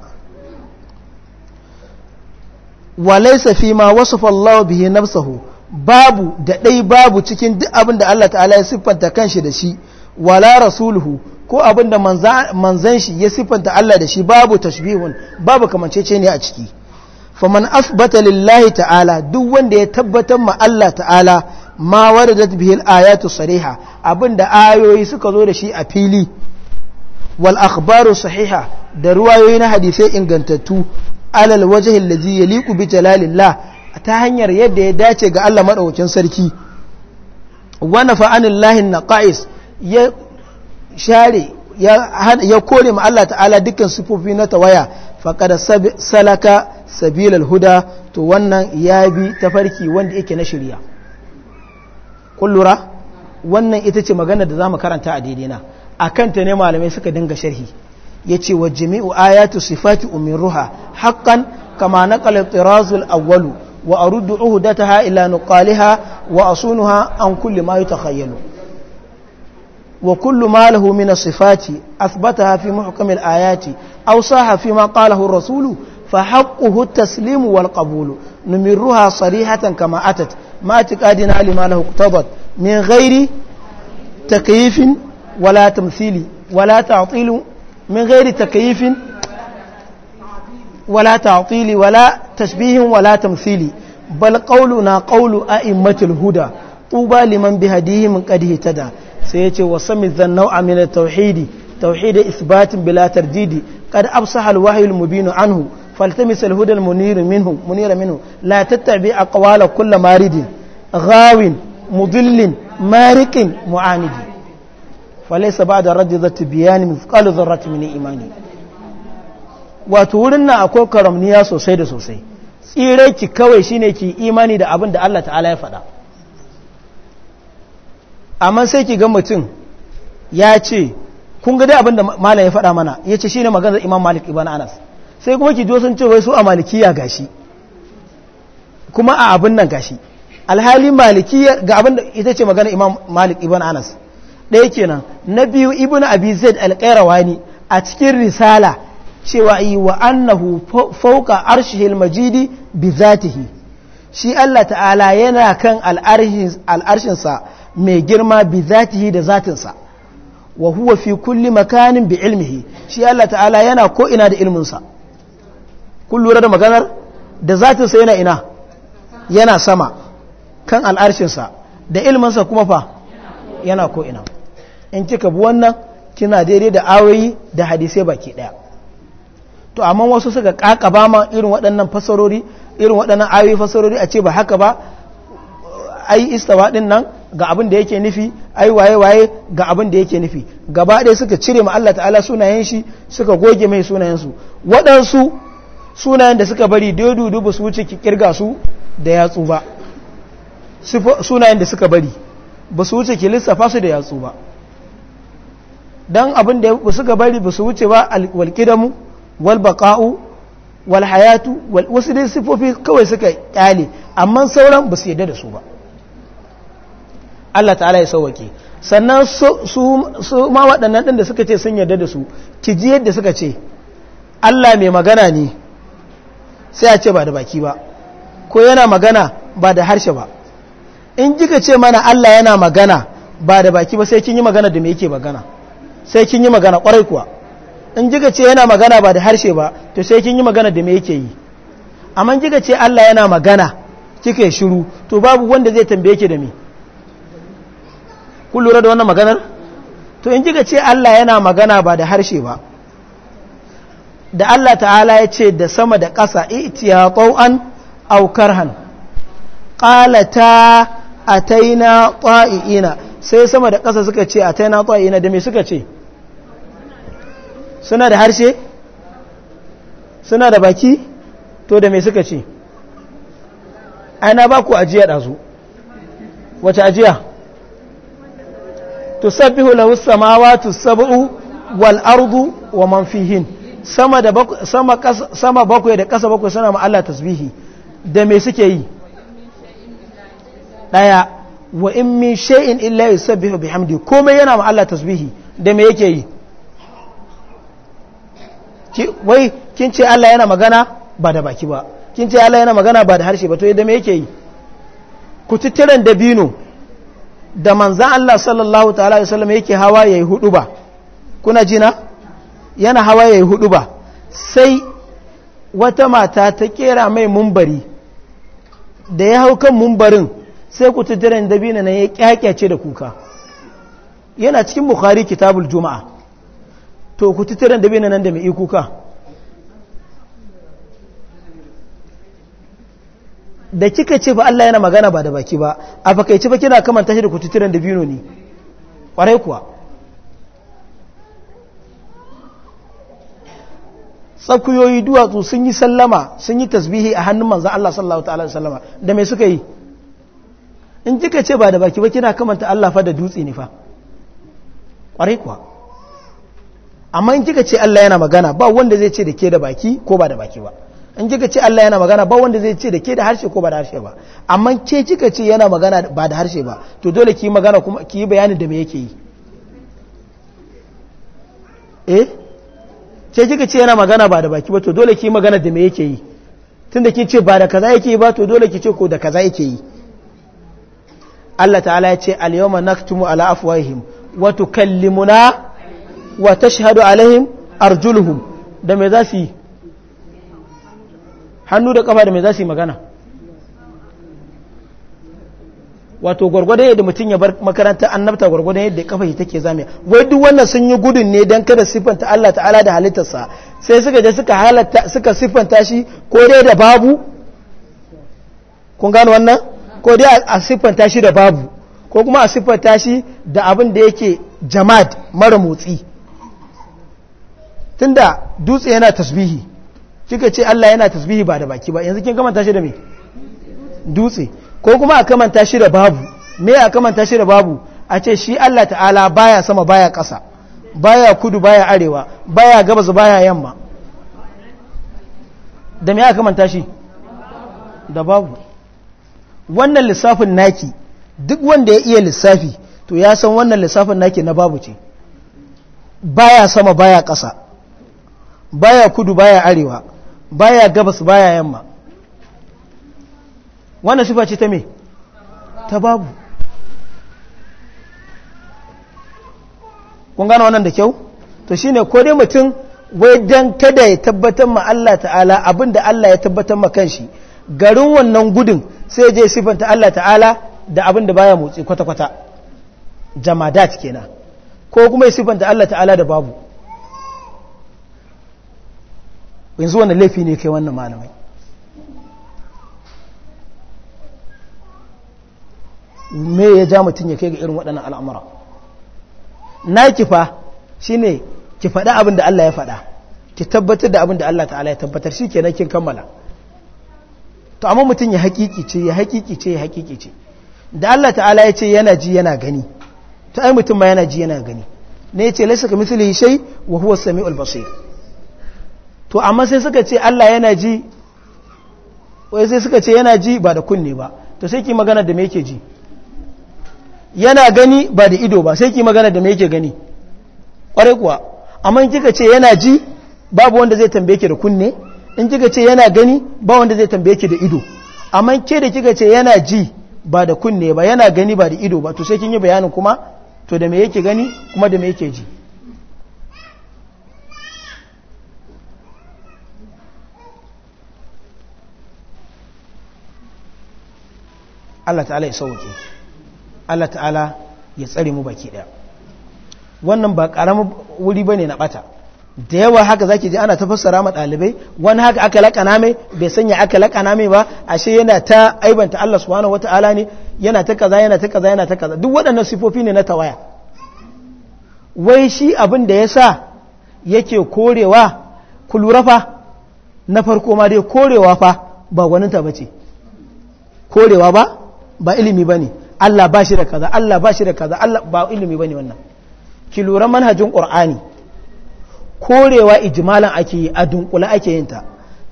wa laysa fi ma wasafa Allah bihi nafsuhu babu da dai babu cikin duk abin da Allah ta'ala ya siffanta kanshi da shi wala rasuluhu ko abin da manzan shi ya siffanta Allah da shi babu tashbihun babu kamancece ne a ciki fa faman asbata lillahi ta'ala duk wanda ya tabbatar ma Allah ta'ala ma waradat bihil ayatu sariha abin da ayoyi suka zo da shi a fili wal akhbaru sahiha da ruwayoyi na hadisai ingantattu alal wajhi allazi yaliqu bi jalalillah ta hanyar yadda ya dace ga Allah madaukakin sarki wa anillahi naqais ya share ya kore ma Allah ta'ala dukkan sifofi na tawaya faqad salaka sabilal huda to wannan ya bi tafarki wanda yake na shirya kullura wannan ita ce magana da zamu karanta a daidai na akan ta ne malamai suka dinga sharhi yace wa jami'u ayatu sifati umiruha haqqan kama naqala tirazul awwalu wa aruddu uhdataha ila nuqaliha wa asunuha an kulli ma yatakhayyalu wa kullu ma lahu min as-sifati athbataha fi muhkam al-ayati aw saha fi ma qalahu ar-rasulu فحقه التسليم والقبول نمرها صريحة كما أتت ما اعتقادنا لما له اقتضت من غير تكييف ولا تمثيل ولا تعطيل min gairi takayifin wala ta'tili wala tashbihin wala tamthili bal qawluna qawlu a'immatul huda tuba liman bihadihim qad hitada sai yace wasami dhannau amina tauhidi tauhidi isbatin bila tardidi qad absaha al-wahyu al-mubin hudan فالتمس الهدى المنير منه منير a لا تتبع أقوال rawin مارد غاو مضل مارق معاند falaisa ba da radda zata biyani mithqalu dharratin min imani wato wurin nan akwai karamniya sosai da sosai tsire ki kawai shine ki imani da abin da Allah ta'ala ya faɗa amma sai ki ga mutum ya ce kun ga dai abin da malam ya faɗa mana ya ce shine maganar Imam Malik ibn Anas sai kuma ki jo sun ce wai su a malikiya gashi kuma a abin nan gashi alhali malikiya ga abin da ita ce maganar Imam Malik ibn Anas ɗaya kenan na biyu ibn abi zaid ne a cikin risala cewa yi wa annahu fauka arshihil majidi bi zatihi shi Allah ta'ala yana kan al'arshinsa mai girma bi zatihi da zatinsa wa huwa fi kulli makanin bi ilmihi shi Allah ta'ala yana ko ina da ilminsa kun lura da maganar da zatinsa yana ina yana sama kan al'arshinsa da ilminsa kuma fa yana ko ina in kika bi wannan kina daidai da ayoyi da hadisai baki daya to amma wasu suka ba ma irin waɗannan fasarori irin waɗannan ayoyi fasarori a ce ba haka ba ai istawa din nan ga abin da yake nufi ai waye waye ga abin da yake nufi gaba ɗaya suka cire ma Allah ta'ala sunayen shi suka goge mai sunayen su waɗansu sunayen da suka bari dudu ba su wuce kirga su da yatsu ba sunayen da suka bari ba su wuce ki lissafa su da yatsu ba don abin da ba su bari ba su wuce ba walƙidamu walbaƙa'u walhayatu wasu dai sifofi kawai suka ƙyale amma sauran ba su yadda da su ba Allah ta'ala ya sauwake sannan su ma waɗannan ɗin da suka ce sun yadda da su ki ji yadda suka ce Allah mai magana ne sai a ce ba da baki ba ko yana magana ba da harshe ba in kika ce mana Allah yana magana ba da baki ba sai kin yi magana da me yake magana sai kin yi magana kwarai kuwa in jiga ce yana magana ba da harshe ba to sai kin yi magana da me yake yi amma jiga ce Allah yana magana kika shiru to babu wanda zai tambaye ki da me kun lura da wannan maganar to in jiga ce Allah yana magana ba da harshe ba da Allah ta'ala ya ce da sama da ƙasa itiya ƙau'an aukar han ƙalata a taina ƙwa'i'ina sai sama da ƙasa suka ce a ta yana ƙwaye na da me suka ce suna da harshe suna da baki to da me suka ce ana ba ku ajiya ɗazu wace ajiya to sabbihu lahu tu sab'u wal wa man fihin sama da sama sama bakwai da ƙasa bakwai suna ma'alla tasbihi da me suke yi ɗaya. wa in min shay'in illa yusabbihu bihamdi komai yana ma Allah tasbihi da me yake yi wai kin ce Allah yana magana ba da baki ba kin ce Allah yana magana ba da harshe ba to yadda me yake yi ku titiran bino da manzan Allah sallallahu ta'ala da sallama yake hawa ya yi hudu ba kuna jina yana hawa ya yi hudu ba sai wata mata ta kera mai mumbari da ya hau kan mumbarin sai ku ta jiran dabino na ya kyakyace da kuka yana cikin bukari kitabul juma'a to ku ta jiran dabino nan da mai kuka da kika ce ba Allah yana magana ba da baki ba a fakaici ba kina kamanta shi da ku ci jiran dabino ne kwarai kuwa tsakuyoyi duwatsu sun yi sallama sun yi tasbihi a hannun manzan Allah sallallahu ta'ala sallama da mai suka yi in kika ce ba da baki ba kina kamanta Allah fa da dutse ne fa kwarai kuwa amma in kika ce Allah yana magana ba wanda zai ce da ke da baki ko ba da baki ba in kika ce Allah yana magana ba wanda zai ce da ke da harshe ko ba da harshe ba amma ke kika ce yana magana ba da harshe ba to dole ki magana kuma ki yi bayani da me yake yi eh ke kika ce yana magana ba da baki ba to dole ki magana da me yake yi tunda kin ce ba da kaza yake yi ba to dole ki ce ko da kaza yake yi Allah ta'ala ya ce al-yawma naktumu ala afwahihim wa tukallimuna wa tashhadu alaihim arjuluhum da me za su yi hannu da kafa da me za su yi magana wato gurgurdan yadda mutum ya bar makaranta annabta gurgurdan yadda kafa shi take zamiya wai duk wannan sun yi gudun ne dan kada sifanta Allah ta'ala da halittarsa sai suka je suka halatta suka sifanta shi ko dai da babu kun gano wannan ko dai a siffanta shi da babu ko kuma a siffanta shi da abin da yake jama'ad mara motsi tunda dutse yana tasbihi kika ce Allah yana tasbihi ba da baki ba yanzu kin kamanta shi da me dutse ko kuma a kamanta shi da babu me a kamanta shi da babu a ce shi Allah ta'ala baya sama baya ƙasa baya kudu baya arewa baya gabas baya yamma da me a kamanta shi da babu wannan lissafin naki duk wanda ya iya lissafi to ya san wannan lissafin naki na babu ce baya sama baya ƙasa baya kudu baya arewa baya gabas baya yamma wannan sifa ce ta me ta babu kun gane wannan da kyau to shine ko dai mutum wai dan kada ya tabbatar ma Allah ta'ala abinda Allah ya tabbatar ma kanshi garin wannan gudun sai je sifanta Allah ta'ala da abin da baya motsi kwata-kwata jamadat kenan ko kuma ya sifanta Allah ta'ala da babu yanzu wannan laifi ne kai wannan malamai me ya ja mutum ya kai ga irin waɗannan al'amura na kifa shi ne ki faɗa abin da Allah ya faɗa ki tabbatar da abin da Allah ta'ala ya tabbatar shi kenan kin kammala to amma mutum ya hakiki ce ya hakiki ce ya hakiki ce da Allah ta'ala ya ce yana ji yana gani to ai mutum ma yana ji yana gani ne ya ce laisa ka misali shai wa huwa sami'ul basir to amma sai suka ce Allah yana ji wai sai suka ce yana ji ba da kunne ba to sai ki magana da me yake ji yana gani ba da ido ba sai ki magana da me yake gani kwarai kuwa amma kika ce yana ji babu wanda zai tambaye ki da kunne in kika ce yana gani ba wanda zai tambaye ki da ido amma ke da kika ce yana ji ba da kunne ba yana gani ba da ido ba to sai kin yi bayanin kuma to da me yake gani kuma da me yake ji Allah ta'ala ya sauke Allah ta'ala ya tsare mu baki daya wannan ba karamin wuri bane na bata da yawa haka zaki ji ana ta fassara ma dalibai wani haka aka lakana mai bai sanya aka lakana mai ba ashe yana ta aibanta Allah subhanahu wataala ne yana ta kaza yana ta kaza yana ta kaza duk waɗannan sifofi ne na tawaya wai shi abin da yasa yake korewa kulura fa na farko ma dai korewa fa ba ta bace korewa ba ba ilimi bane Allah ba shi da kaza Allah ba shi da kaza Allah ba ilimi bane wannan ki lura manhajin Qur'ani korewa ijmalan ake yi a dunkula ake yin ta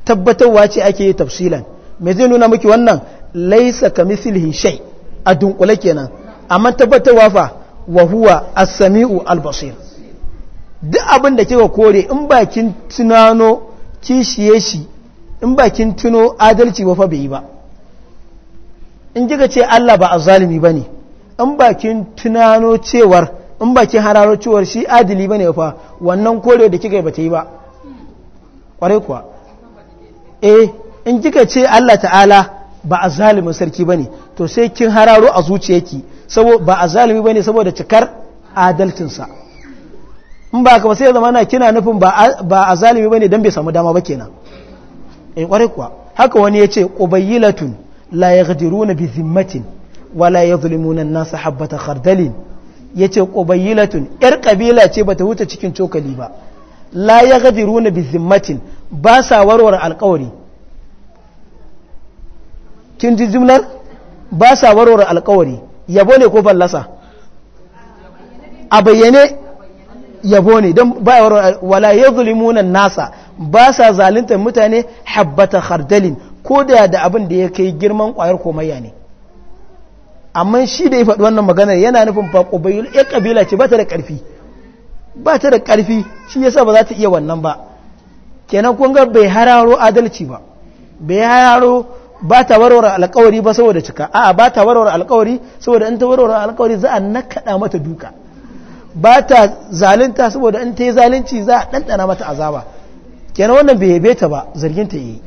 tabbatarwa ce ake yi tafsilan me zai nuna miki wannan laisa kamithlihi shay a dunkula kenan amma tabbatarwa fa wa huwa as-sami'u al-basir duk abin da kika kore in bakin tunano kishiye shi in bakin tuno adalci ba fa bai yi ba in kika ce Allah ba azzalimi bane in bakin tunano cewar in ba ki hararo cewar shi adili bane fa wannan kore da kika yi bata yi ba kware kuwa e in kika ce Allah ta'ala ba a zalimin sarki bane to sai kin hararo a zuciyarki ki ba a zalimi bane saboda cikar adalcinsa in ba ka sai zama na kina nufin ba a zalimi bane dan bai samu dama ba kenan in eh, kware kuwa haka wani ya ce qubaylatun la gajiru na zimmatin wala ya zulimunan nasa habata kardalin. ya ce ƙobayilatun ‘yar ƙabila ce ba ta huta cikin cokali ba la ya gadiru na bizimmatin ba sa warware alƙawari. kin ji jimlar ba sa warware alƙawari yabo ne ko fallasa a bayyane yabo ne don ba warware wala ya zulimunan nasa ba sa zalintar mutane habbata hardalin ko da da abin da ya kai girman ƙwayar komayya ne amma shi da ya faɗi wannan maganar yana nufin fa qubayl ya ƙabila ce ba ta da ƙarfi ba ta da ƙarfi shi ya sa ba za ta iya wannan ba kenan kun ga bai hararo adalci ba bai hararo ba ta warware alƙawari ba saboda cika a'a ba ta warware alƙawari saboda in ta warware alƙawari za a nakaɗa mata duka ba ta zalunta saboda in ta yi zalunci za a ɗanɗana mata azaba kenan wannan bai yabe ta ba zargin ta yi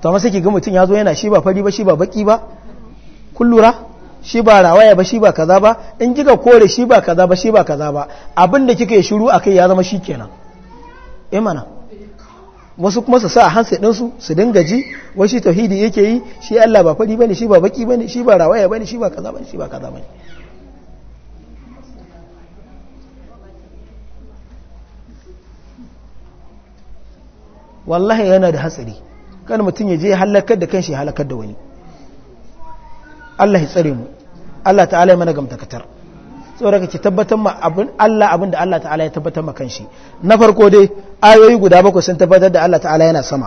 to amma sai ki ga mutum ya zo yana shi ba fari ba shi ba baki ba Kullura shi ba rawaya ba shi ba kaza ba in kika kore shi ba kaza ba shi ba kaza ba abin da kika yi shiru akai ya zama shikenan eh mana wasu kuma su sa a hansa ɗinsu su dinga ji wasu tauhidi yake yi shi Allah ba faɗi bane shi ba baki bane shi ba rawaya bane shi ba kaza bane shi ba kaza bane wallahi yana da hatsari kan mutum ya je halakar da kanshi halakar da wani Allah ya tsare mu Allah ta'ala ya mana gamtakatar saboda ki tabbatar ma abin Allah abin da Allah ta'ala ya tabbatar ma kanshi na farko dai ayoyi guda bakwai sun tabbatar da Allah ta'ala yana sama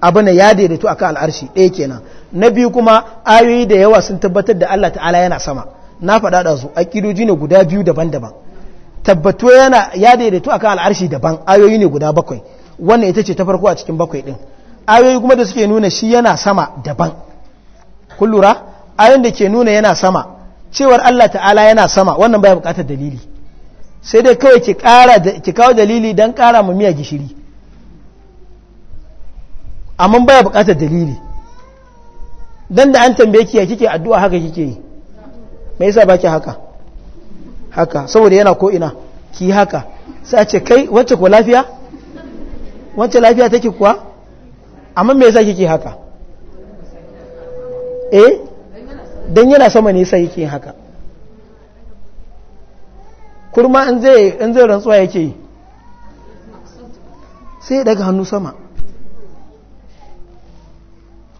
abin ya daidaitu akan al'arshi ɗaya kenan na biyu kuma ayoyi da yawa sun tabbatar da Allah ta'ala yana sama na faɗa da su akidoji ne guda biyu daban-daban tabbato yana ya daidaitu akan al'arshi daban ayoyi ne guda bakwai wannan ita ce ta farko a cikin bakwai din ayoyi kuma da suke nuna shi yana sama daban kun lura ayoyin da ke nuna yana sama cewar Allah ta'ala yana sama wannan baya bukatar dalili sai dai kawai ki ƙara ki kawo dalili don ƙara mu miya gishiri amma baya bukatar dalili dan da an tambaye ki ya kike addu'a haka kike yi me yasa baki haka haka saboda yana ko ina ki haka sai a ce kai wacce ko lafiya wacce lafiya take kuwa amma me yasa kike haka eh don yana sama ne sai yake haka kurma in zai rantsuwa yake sai ya daga hannu sama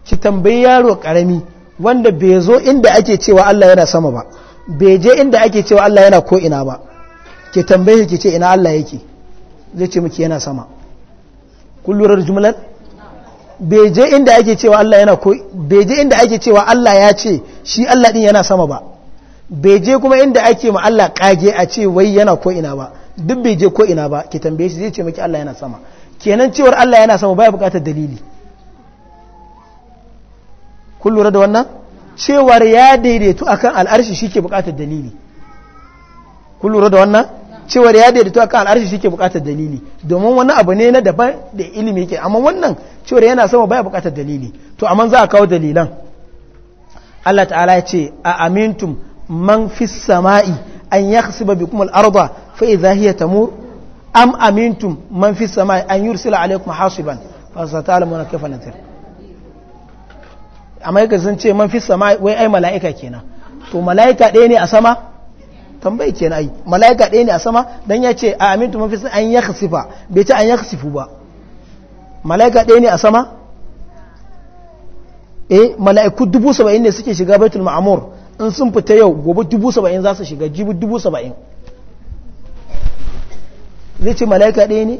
ki tambayi yaro karami wanda bai zo inda ake cewa Allah yana sama ba bai je inda ake cewa Allah yana ko ina ba ki tambaye ki ce ina Allah yake zai ce miki yana sama kullurar jumlar bai je inda ake cewa Allah yana ko bai je inda ake cewa Allah ya ce shi Allah din yana sama ba bai je kuma inda ake ma Allah kage a ce wai yana ko ina ba duk bai je ko ina ba ki tambaye shi zai ce miki Allah yana sama kenan cewar Allah yana sama baya bukatar dalili kun lura da wannan cewar ya daidaitu akan al'arshi shike bukatar dalili kun lura da wannan cewar ya daidaito akan al'arshi shi ke bukatar dalili domin wani abu ne na daban da ilimi ke amma wannan cewar yana sama baya bukatar dalili to amma za a kawo dalilan Allah ta'ala ya ce a amintum man fi sama'i an yakhsiba bikum al-arda fa idha hiya tamur am amintum man fi sama'i an yursila alaykum hasiban fa satalamuna kafa natir amma yake sun ce man fi sama'i wai ai mala'ika kenan to mala'ika ɗaya ne a sama tambayi kenan ai mala'ika ɗaya ne a sama dan ya ce a amintu mafi an ya khasifa bai ce an ya khasifu ba mala'ika ɗaya ne a sama e mala'iku dubu saba'in ne suke shiga baitul ma'amur in sun fita yau gobe dubu saba'in za su shiga jibi dubu saba'in zai ce mala'ika ɗaya ne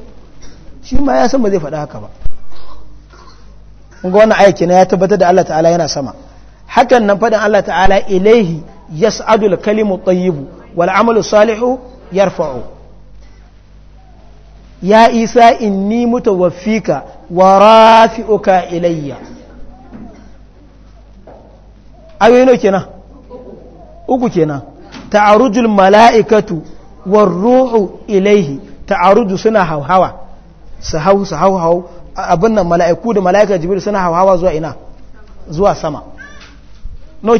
shi ma ya san ba zai faɗa haka ba ga wani aiki na ya tabbatar da Allah ta'ala yana sama hakan nan faɗin Allah ta'ala ilaihi yas'adul kalimu tayyibu Wal'amalu amalu salihu yarfa'u ya isa inni mutawaffika wa rafi'uka ilayya ayoyi no kenan uku kenan ta'arujul mala'ikatu war ruhu ilaihi ta'aruju suna hauhawa su hau su suna hauhawa zuwa ina sama no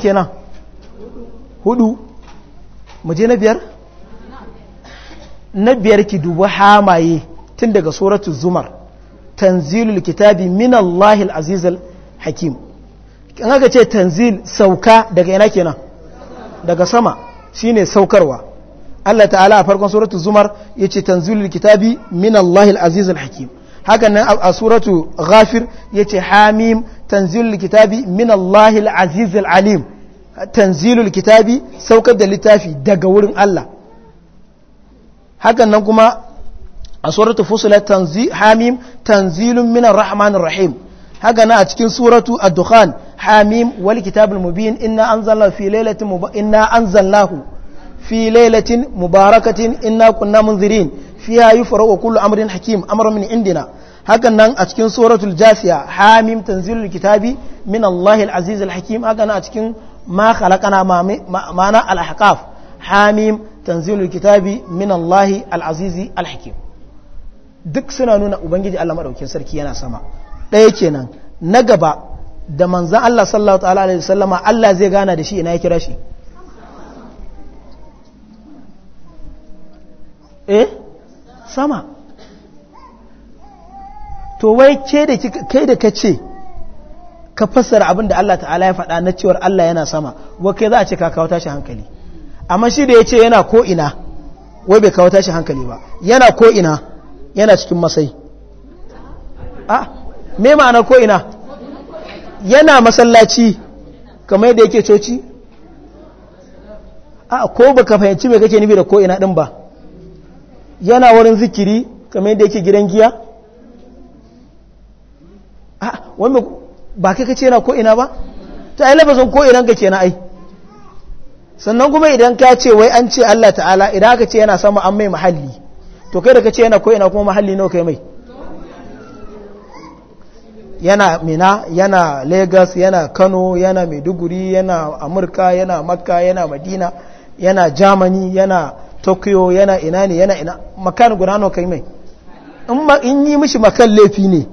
hudu mu je na biyar na biyar ki dubi hamaye tun daga suratu zumar tanzilul kitabi min Allahil azizal hakim in aka ce tanzil sauka daga ina kenan daga sama shine saukarwa Allah ta'ala a farkon suratu zumar yace tanzilul kitabi min Allahil azizal hakim hakan nan a suratu ghafir yace hamim tanzilul kitabi min Allahil azizal alim tanzilul kitabi saukar da littafi daga wurin Allah hakan nan kuma a suratu fusilat hamim tanzilun minar rahmanir rahim haka na a cikin suratu ad-dukhan hamim wal kitabul mubin inna anzalna fi lailatin inna anzalnahu fi lailatin mubarakatin inna kunna munzirin fiha yufra'u kullu amrin hakim amrun min indina hakan nan a cikin suratul jasiya hamim tanzilul kitabi min allahil azizil hakim haka a cikin ma خلقنا ma'ana al-ahqaf hamim tanzilul kitabi min Allah al-azizi al-hakim duk suna nuna ubangiji Allah madaukakin sarki yana sama ɗaya kenan na gaba da manzan Allah sallallahu ta'ala alaihi wasallama Allah zai gana da shi ina ya kira shi eh sama to wai ke da kai da kace ka fassara abin da Allah ta'ala ya faɗa na cewar Allah yana sama wai kai za a ce ka kawo tashi hankali amma shi da ya ce yana ko ina wai bai kawo tashi hankali ba yana ko ina yana cikin masai a me ma'ana ko ina yana masallaci kamar yadda yake coci a ko baka fahimci mai kake nufi da ko ina din ba yana wurin zikiri kamar yadda yake gidan giya a wani ba kai kace yana ko ina ba ta ai lafazin ko inan ka kenan ai sannan kuma idan ka ce wai an ce Allah ta'ala idan aka ce yana sama an mai mahalli to kai da ka ce yana ko ina kuma mahalli nawa kai mai yana mina yana lagos yana kano yana maiduguri yana amurka yana makka yana madina yana germany yana tokyo yana ina ne yana ina makan guda kai mai in yi mishi makan laifi ne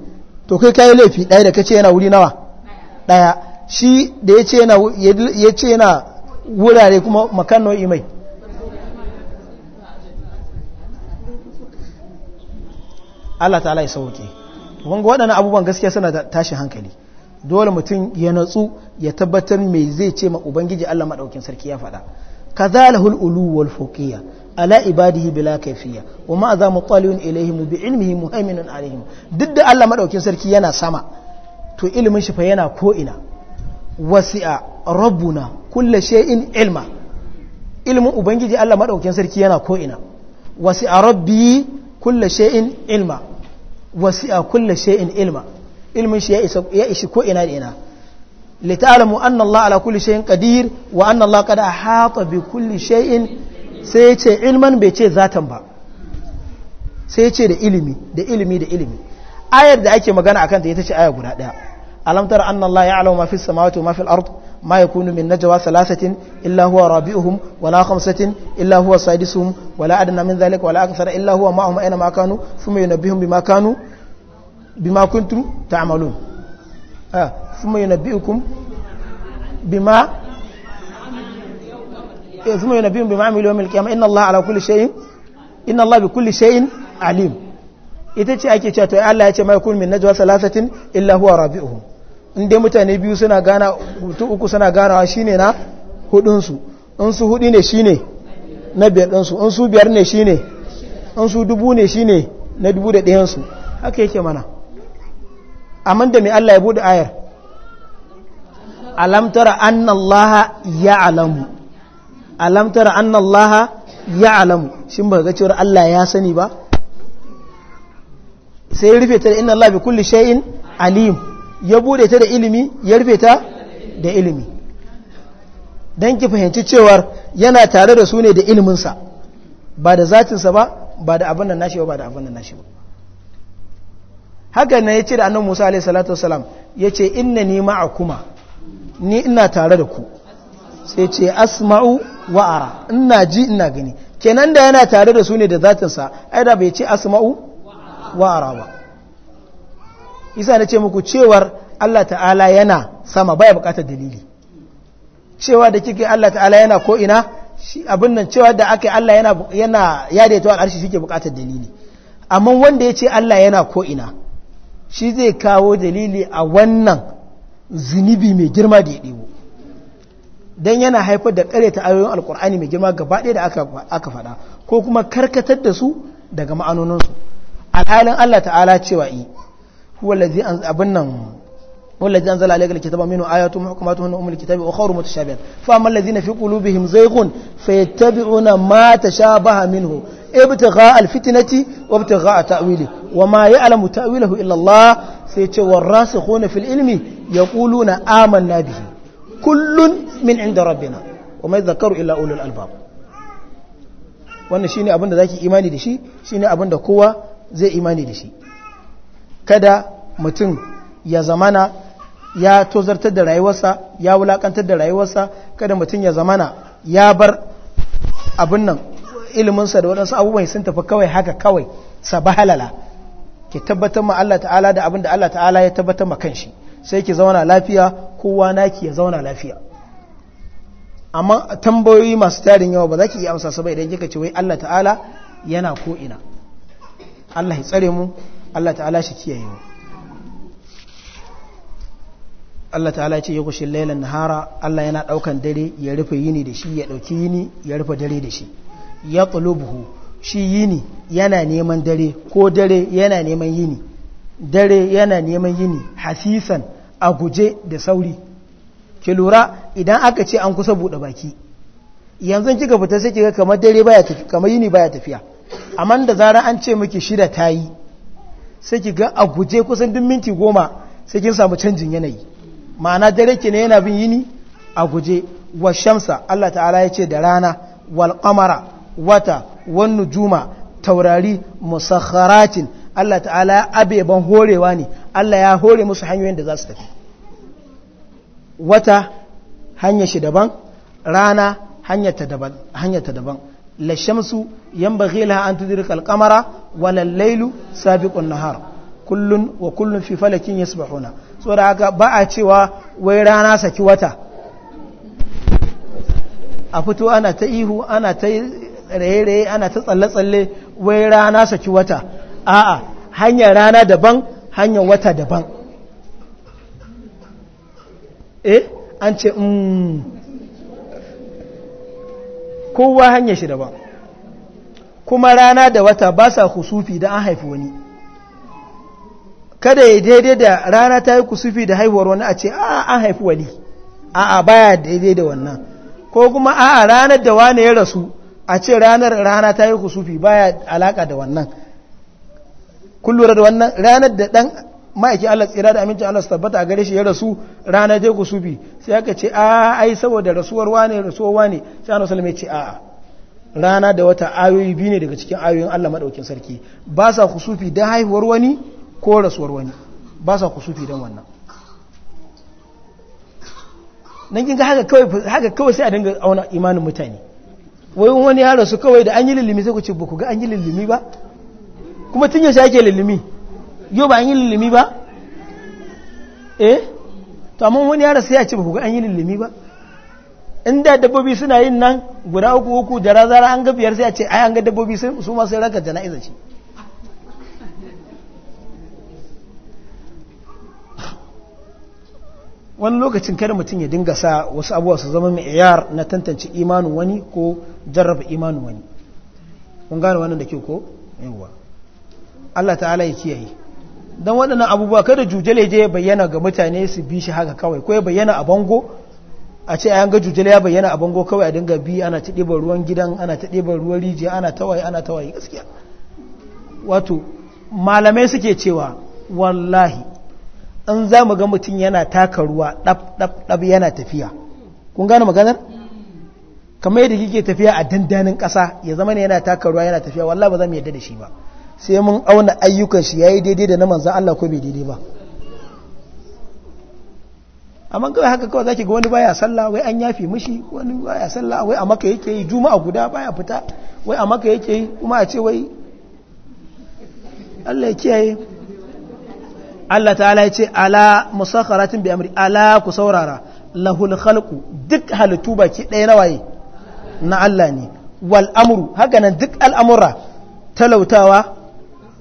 to kai kayi laifi ɗaya da kace yana wuri nawa ɗaya shi da ya ce yana wurare kuma makanno imai Allah ta'ala ya sauke wanga waɗannan abubuwan gaskiya suna da tashin hankali dole mutum ya natsu ya tabbatar mai zai ce ma ubangiji Allah maɗaukin sarki ya faɗa kadhalahul ulu wal fuqiyya ala ibadihi bila kaifiya wa ma za mu taliyun ilaihim bi ilmihi muhaiminun alaihim duk da Allah madaukin sarki yana sama to ilimin shi fa yana ko ina wasi'a rabbuna kullu shay'in ilma ilmin ubangiji Allah madaukin sarki yana ko ina wasi'a rabbi kullu shay'in ilma wasi'a kullu shay'in ilma ilmin shi ya ishi ko ina da ina lita'lamu anna Allah ala kulli shay'in qadir wa anna Allah qad ahata bi kulli shay'in sai ya ce ilman bai ce zatan ba sai ya ce da ilimi da ilimi da ilimi ayar da ake magana akan ta ita ce aya guda daya alam tara anna allaha ya'lamu samawati wa ma fil ard min najwa illa huwa rabi'uhum khamsatin illa huwa sadisuhum min illa huwa aina ma kanu thumma yunabbihum bima kanu bima kuntum ta'malun ah thumma yunabbi'ukum bima ثم ينبيهم بما عملوا يوم القيامة إن الله على كل شيء إن ita ce ake cewa to ai ya ce ma kun min najwa thalathatin illa huwa rabi'uhum in dai mutane biyu suna gana mutu uku suna ganawa shine na hudun in su hudu ne shine na biyar din in su biyar ne shine in su dubu ne shine na dubu da ɗayan su haka yake mana amma da me Allah ya bude ayar alam tara anna ya alamu. alam tara ya alamu ya'lamu shin ba ga cewar Allah ya sani ba sai rufe ta da inna allah bi kulli shay'in alim ya bude ta da ilimi ya rufe ta da ilimi dan ki fahimci cewar yana tare da su ne da ilimin sa ba da sa ba ba da abin da nashi ba ba da abin da nashi ba haka ne yace da annabi Musa alaihi salatu wasalam yace innani ma'akuma ni ina tare da ku sai ce asma'u wa'ara ina ji ina gani kenan da yana tare da su ne da zatinsa ai da bai ce asma'u wa'ara ba isa na ce muku cewar Allah ta'ala yana sama baya bukatar dalili cewa da kike Allah ta'ala yana ko ina abin nan cewa da aka Allah yana yana yadaitawa al'arshi shike bukatar dalili amma wanda ya ce Allah yana ko ina shi zai kawo dalili a wannan zunubi mai girma da ya ɗebo dan yana haifar da ta ayoyin alkur'ani mai girma gaba ɗaya da aka faɗa ko kuma karkatar da su daga ma'anoninsu alhalin Allah ta'ala cewa yi wallazi an abin nan wallazi anzala alayka alkitaba minhu ayatun muhkamatun ummul kitabi wa khawru mutashabihat fa amma na fi qulubihim zayghun fayattabi'una ma tashabaha minhu ga alfitinati wa a ta'wili wa ma ya'lamu ta'wilahu illa Allah sai ce warasikhuna fil ilmi na amanna bihi kullun min inda rabbina wa mai zakaru illa ulul albab wannan shine abin da zaki imani da shi shine abin da kowa zai imani da shi kada mutum ya zamana ya tozartar da rayuwarsa ya wulakantar da rayuwarsa kada mutum ya zamana ya bar abin nan iliminsa da waɗansu abubuwan sun tafi kawai haka kawai sabahalala ki tabbatar ma Allah ta'ala da abin da Allah ta'ala ya tabbatar ma kan shi. sai ki zauna lafiya kowa naki ya zauna lafiya amma tambayoyi masu tarin yawa ba za ki iya amsa saboda ba idan kika ce wai Allah ta'ala yana ko ina Allah ya tsare mu Allah ta'ala shi kiyaye mu Allah ta'ala ya ce ya kushin lailan nahara Allah yana daukan dare ya rufe yini da shi ya dauki yini ya rufe dare da shi ya qulubuhu shi yini yana neman dare ko dare yana neman yini dare yana neman yini hasisan a guje da sauri ki lura idan aka ce an kusa buɗe baki yanzu kika fita sai kika kamar dare baya tafi kamar yini baya tafiya amma da zarar an ce miki shida tayi sai kiga a guje kusan duk minti goma sai kin samu canjin yanayi ma'ana dare ki ne yana bin yini a guje wa shamsa Allah ta'ala ya ce da rana wal qamara wata wan nujuma taurari musakharatin Allah ta'ala abeban horewa ne Allah ya hore musu hanyoyin da za su tafi wata hanya shi daban rana hanyarta daban daban la shamsu yanbaghi an tudrika al-qamara wala lailu sabiqun nahar kullun wa kullun fi falakin yasbahuna da aka ba a cewa wai rana saki wata a fito ana ta ihu ana ta raye-raye ana ta tsalle-tsalle wai rana saki wata a'a hanyar rana daban hanyar wata daban eh an ce mmm kowa hanyar shi daban kuma rana da wata ba sa kusufi da an haifi wani kada ya daidai da rana ta yi kusufi da haihuwar wani a ce a an haifi wani a a baya daidai da wannan ko kuma a a ranar da wane ya rasu a ce ranar rana ta yi kusufi baya alaka da wannan kun lura da wannan ranar da dan ma'aikin Allah tsira da amincin Allah su tabbata a gare shi ya rasu ranar dai sufi sai aka ce a ai saboda rasuwar wane rasuwar wane sai Annabi sallallahu alaihi wasallam ya ce a'a rana da wata ayoyi biyu ne daga cikin ayoyin Allah madaukin sarki ba sa kusufi da haihuwar wani ko rasuwar wani ba sa kusufi dan wannan nan kin ga haka kawai haka kawai sai a dinga auna imanin mutane wai wani ya rasu kawai da an yi lilimi sai ku ce ba ku ga an yi lilimi ba kuma tun yaushe ake lullumi yau ba an yi lullumi ba eh to amma wani yara sai a ce ba ku an yi lullumi ba inda dabbobi suna yin nan guda uku uku da razara an ga biyar sai a ce ai an ga dabbobi su ma sai raka jana'iza ce wani lokacin kada mutum ya dinga sa wasu abuwa su zama mai iyar na tantance imanin wani ko jarraba imanin wani kun gane wannan da ke ko yawa Allah ta'ala ya kiyaye don waɗannan abubuwa kada jujjale je bayyana ga mutane su bi shi haka kawai ko ya bayyana a bango a ce ayan ga jujjale ya bayyana a bango kawai a dinga bi ana ta ɗiban ruwan gidan ana ta ɗiban ruwan rijiya ana tawaye ana tawaye gaskiya wato malamai suke cewa wallahi in za mu ga mutum yana taka ruwa ɗab yana tafiya kun gane maganar kamar yadda kike tafiya a dandanin ƙasa ya zama ne yana taka ruwa yana tafiya wallahi ba za mu yadda da shi ba sai mun auna ayyukan shi yayi daidai da na manzan Allah ko bai daidai ba amma kawai haka kawai zaki ga wani baya sallah wai an yafi mishi wani baya sallah wai a maka yake yi juma'a guda baya fita wai a maka yake yi kuma a ce wai Allah ya kiyaye Allah ta'ala ya ce ala musakharatin bi amri ala ku saurara lahul khalqu duk halittu baki ɗaya na waye na Allah ne wal amru haka nan duk al'amura talautawa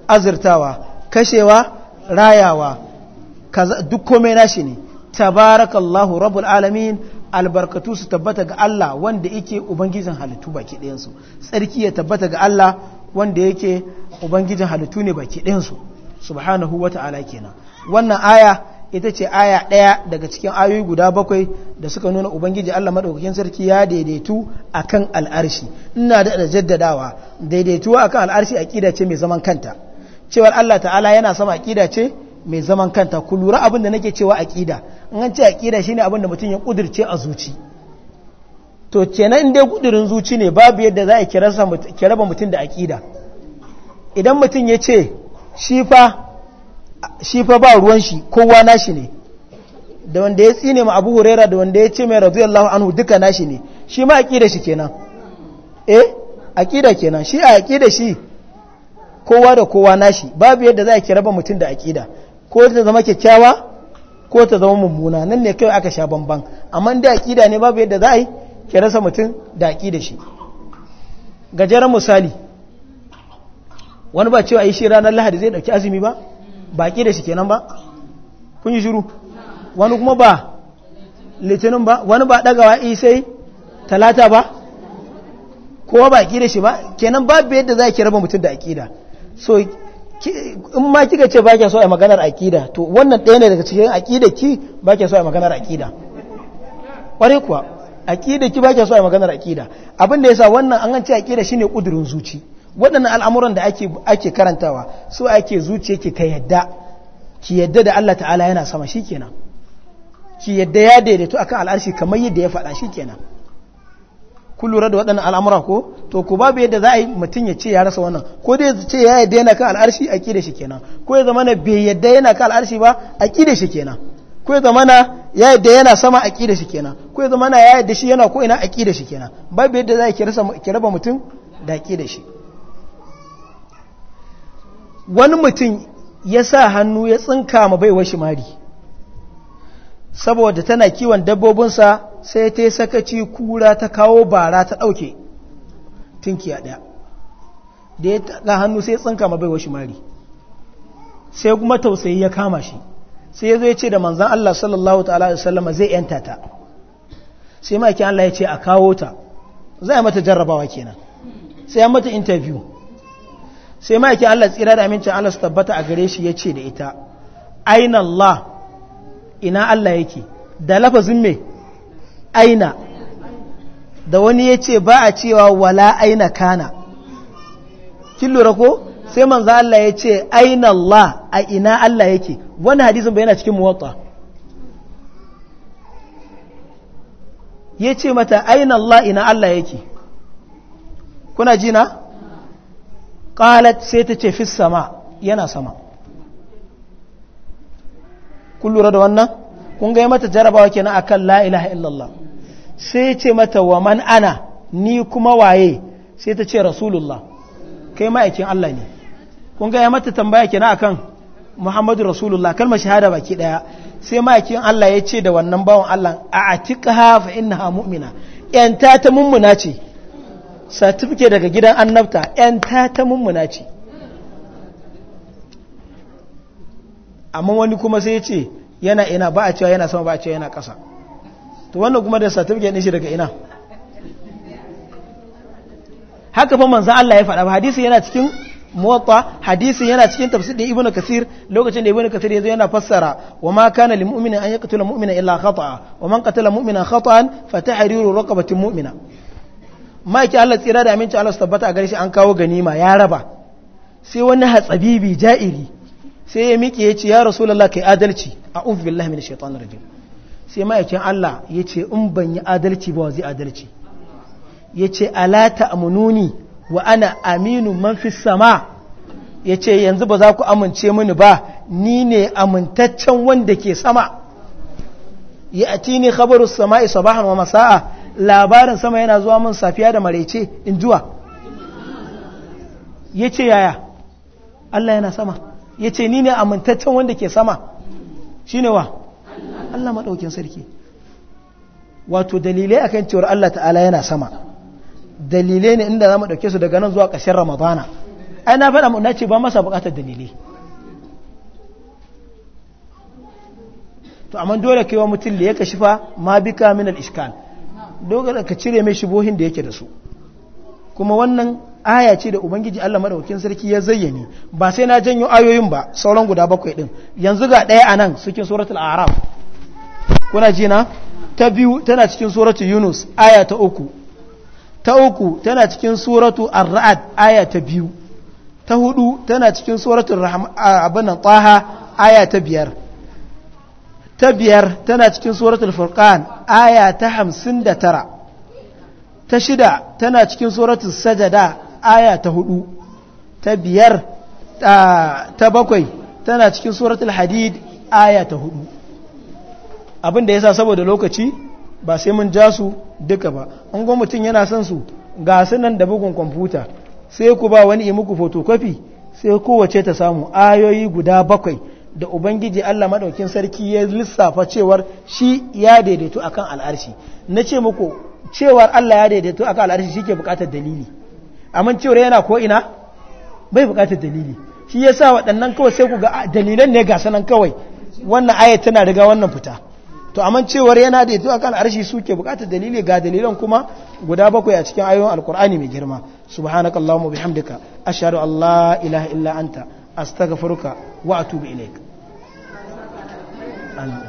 azurtawa kashewa rayawa duk komai nashi ne tabarakallahu rabbul alamin albarkatu su tabbata ga Allah wanda yake ubangijin halittu baki ɗayansu tsarki ya tabbata ga Allah wanda yake ubangijin halittu ne baki ɗayansu subhanahu wata'ala kenan wannan aya ita ce aya ɗaya daga cikin ayoyi guda bakwai da suka nuna ubangiji Allah maɗaukakin sarki ya daidaitu akan al'arshi ina da jaddadawa daidaituwa akan al'arshi aƙida ce mai zaman kanta cewar Allah ta'ala yana sama aƙida ce mai zaman kanta ku lura abin da nake cewa aƙida in an ce aƙida shine abin da mutum ya kudirce a zuci to kenan in dai kudirin zuci ne babu yadda za a kirasa kiraba mutum da aƙida, idan mutum ya ce shi fa ba ruwan shi kowa nashi ne da wanda ya tsine ma Abu hurera da wanda ya ce mai radiyallahu anhu duka nashi ne shi ma aƙida shi kenan eh aƙida kenan shi a aƙida shi kowa da kowa nashi babu yadda za ki raba mutum da aƙida ko ta zama kyakkyawa ko ta zama mummuna nan ne kai aka sha bamban amma da aƙida ne babu yadda za a yi ki rasa mutum da aƙida shi gajeren misali wani ba cewa yi shi ranar lahadi zai ɗauki azumi ba ba aƙida shi kenan ba kun yi shiru wani kuma ba litinin ba wani ba ɗagawa sai talata ba kowa ba aƙida shi ba kenan babu yadda za ki raba mutum da aƙida so in ma kika ce ba kya so a maganar aƙida to wannan ɗaya ne daga cikin aƙida ki ba kya so a maganar aƙida ƙwarai kuwa aƙida ki ba kya so a maganar aƙida abin da sa wannan an ce aƙida shine ƙudurin zuci waɗannan al'amuran da ake karantawa su ake zuci ki ta yadda ki yadda da Allah ta'ala yana sama shi kenan ki yadda ya daidaito akan al'arshi kamar yadda ya faɗa shi kenan. kun lura da waɗannan al'amura ko to ku babu yadda za a yi mutum ya ce ya rasa wannan ko dai ya ce ya yadda yana kan al'arshi a ƙi shi kenan ko ya zama na bai yadda yana kan al'arshi ba a ƙi shi kenan ko ya zama na ya yadda yana sama a ƙi shi kenan ko ya zama na ya yadda shi yana ko ina a ƙi shi kenan babu yadda za a ki raba mutum da ƙi da shi wani mutum ya sa hannu ya tsinka ma baiwar shi mari saboda tana kiwon dabbobinsa sai ta yi sakaci kura ta kawo bara ta ɗauke tunkiya ɗaya da ya taɗa hannu sai tsinka ma baiwa shi mari sai kuma tausayi ya kama shi sai ya zo ya ce da manzan Allah sallallahu ta'ala da sallama zai yanta ta sai maki Allah ya ce a kawo ta za a mata jarrabawa kenan sai ya mata interview sai maki Allah tsira da amincin Allah su tabbata a gare shi ya ce da ita aina Allah ina Allah yake da lafazin me aina da wani ya ce ba a cewa wala aina kana kin lura ko sai manzo Allah ya ce aina Allah a ina Allah yake wani hadisin bai yana cikin muwatta ya ce mata aina Allah ina Allah yake kuna jina qalat sai ta ce fis sama yana sama kun lura da wannan kun ga mata jarabawa kenan akan la ilaha illallah sai ce mata wa man ana ni kuma waye sai ta ce rasulullah kai ma'aikin Allah ne kun ga ya mata tambaya kenan akan muhammadu rasulullah kalmar shahada baki daya sai ma'aikin Allah ya ce da wannan bawan Allah a atiqaha fa innaha mu'mina yanta ta mummuna ce satifike daga gidan annabta yanta ta mummuna ce amma wani kuma sai ya ce yana ina ba a cewa yana sama ba a cewa yana ƙasa to wannan kuma da certificate din shi daga ina haka fa manzo Allah ya faɗa hadisi yana cikin muwatta hadisi yana cikin tafsir da ibnu kasir lokacin da ibnu kasir yazo yana fassara wa ma kana lil mu'mini an yaqtula mu'mina illa khata'a wa man qatala mu'mina khata'an fa tahriru raqabatin mu'mina ma Allah tsira da aminci Allah tabbata a gare shi an kawo ganima ya raba sai wani hatsabibi ja'iri sai ya miƙe ya ce ya rasulullah kai adalci a'udhu billahi minash shaitanir rajim sai ma'aikin Allah ya ce in ban yi adalci ba wa zai adalci ya ce alata amununi wa ana aminu man fi sama ya ce yanzu ba za ku amince mini ba ni ne amintaccen wanda ke sama ya ati ne sama isa sabahan wa masa'a labarin sama yana zuwa min safiya da maraice in juwa ya ce yaya Allah yana sama ya ce ni ne amintaccen wanda ke sama shi ne wa Allah maɗaukin sarki wato dalilai akan cewar Allah ta'ala yana sama dalilai ne inda za mu ɗauke su daga nan zuwa ƙashin ramadana ai na faɗa mu na ce ba masa buƙatar dalilai to amma dole kaiwa mutum da ya ka shifa ma bika min al-iskal dole ka cire mai shibohin da yake da su kuma wannan aya ce da ubangiji Allah madaukakin sarki ya zayyane ba sai na janyo ayoyin ba sauran guda bakwai din yanzu ga ɗaya anan cikin suratul araf kuna ji na ta biyu tana cikin suratul yunus aya ta uku ta uku tana cikin suratul ar-ra'd aya ta biyu ta hudu tana cikin suratul rahman abana taha aya ta biyar ta biyar tana cikin suratul furqan aya ta 59 ta shida tana cikin suratul sajada aya ta hudu ta biyar ta bakwai tana cikin suratul hadid aya ta hudu abinda ya sa saboda lokaci ba sai mun ja su duka ba an gwa mutum yana son su ga sunan da bugun kwamfuta sai ku ba wani muku fotokofi sai kowace ta samu ayoyi guda bakwai da ubangiji Allah maɗaukin sarki ya lissafa cewar shi ya daidaito akan al'arshi na ce muku cewar Allah ya daidaito akan al'arshi shi ke bukatar dalili amma cewar yana ko ina bai bukatar dalili shi yasa waɗannan kawai sai ku ga dalilan ne ga sanan kawai wannan aya tana riga wannan fita to amma cewar yana da yato akan arshi suke bukatar dalili ga dalilan kuma guda bakwai a cikin ayoyin alkur'ani mai girma subhanakallahumma bihamdika ashhadu an la ilaha illa anta astaghfiruka wa atubu ilaik amin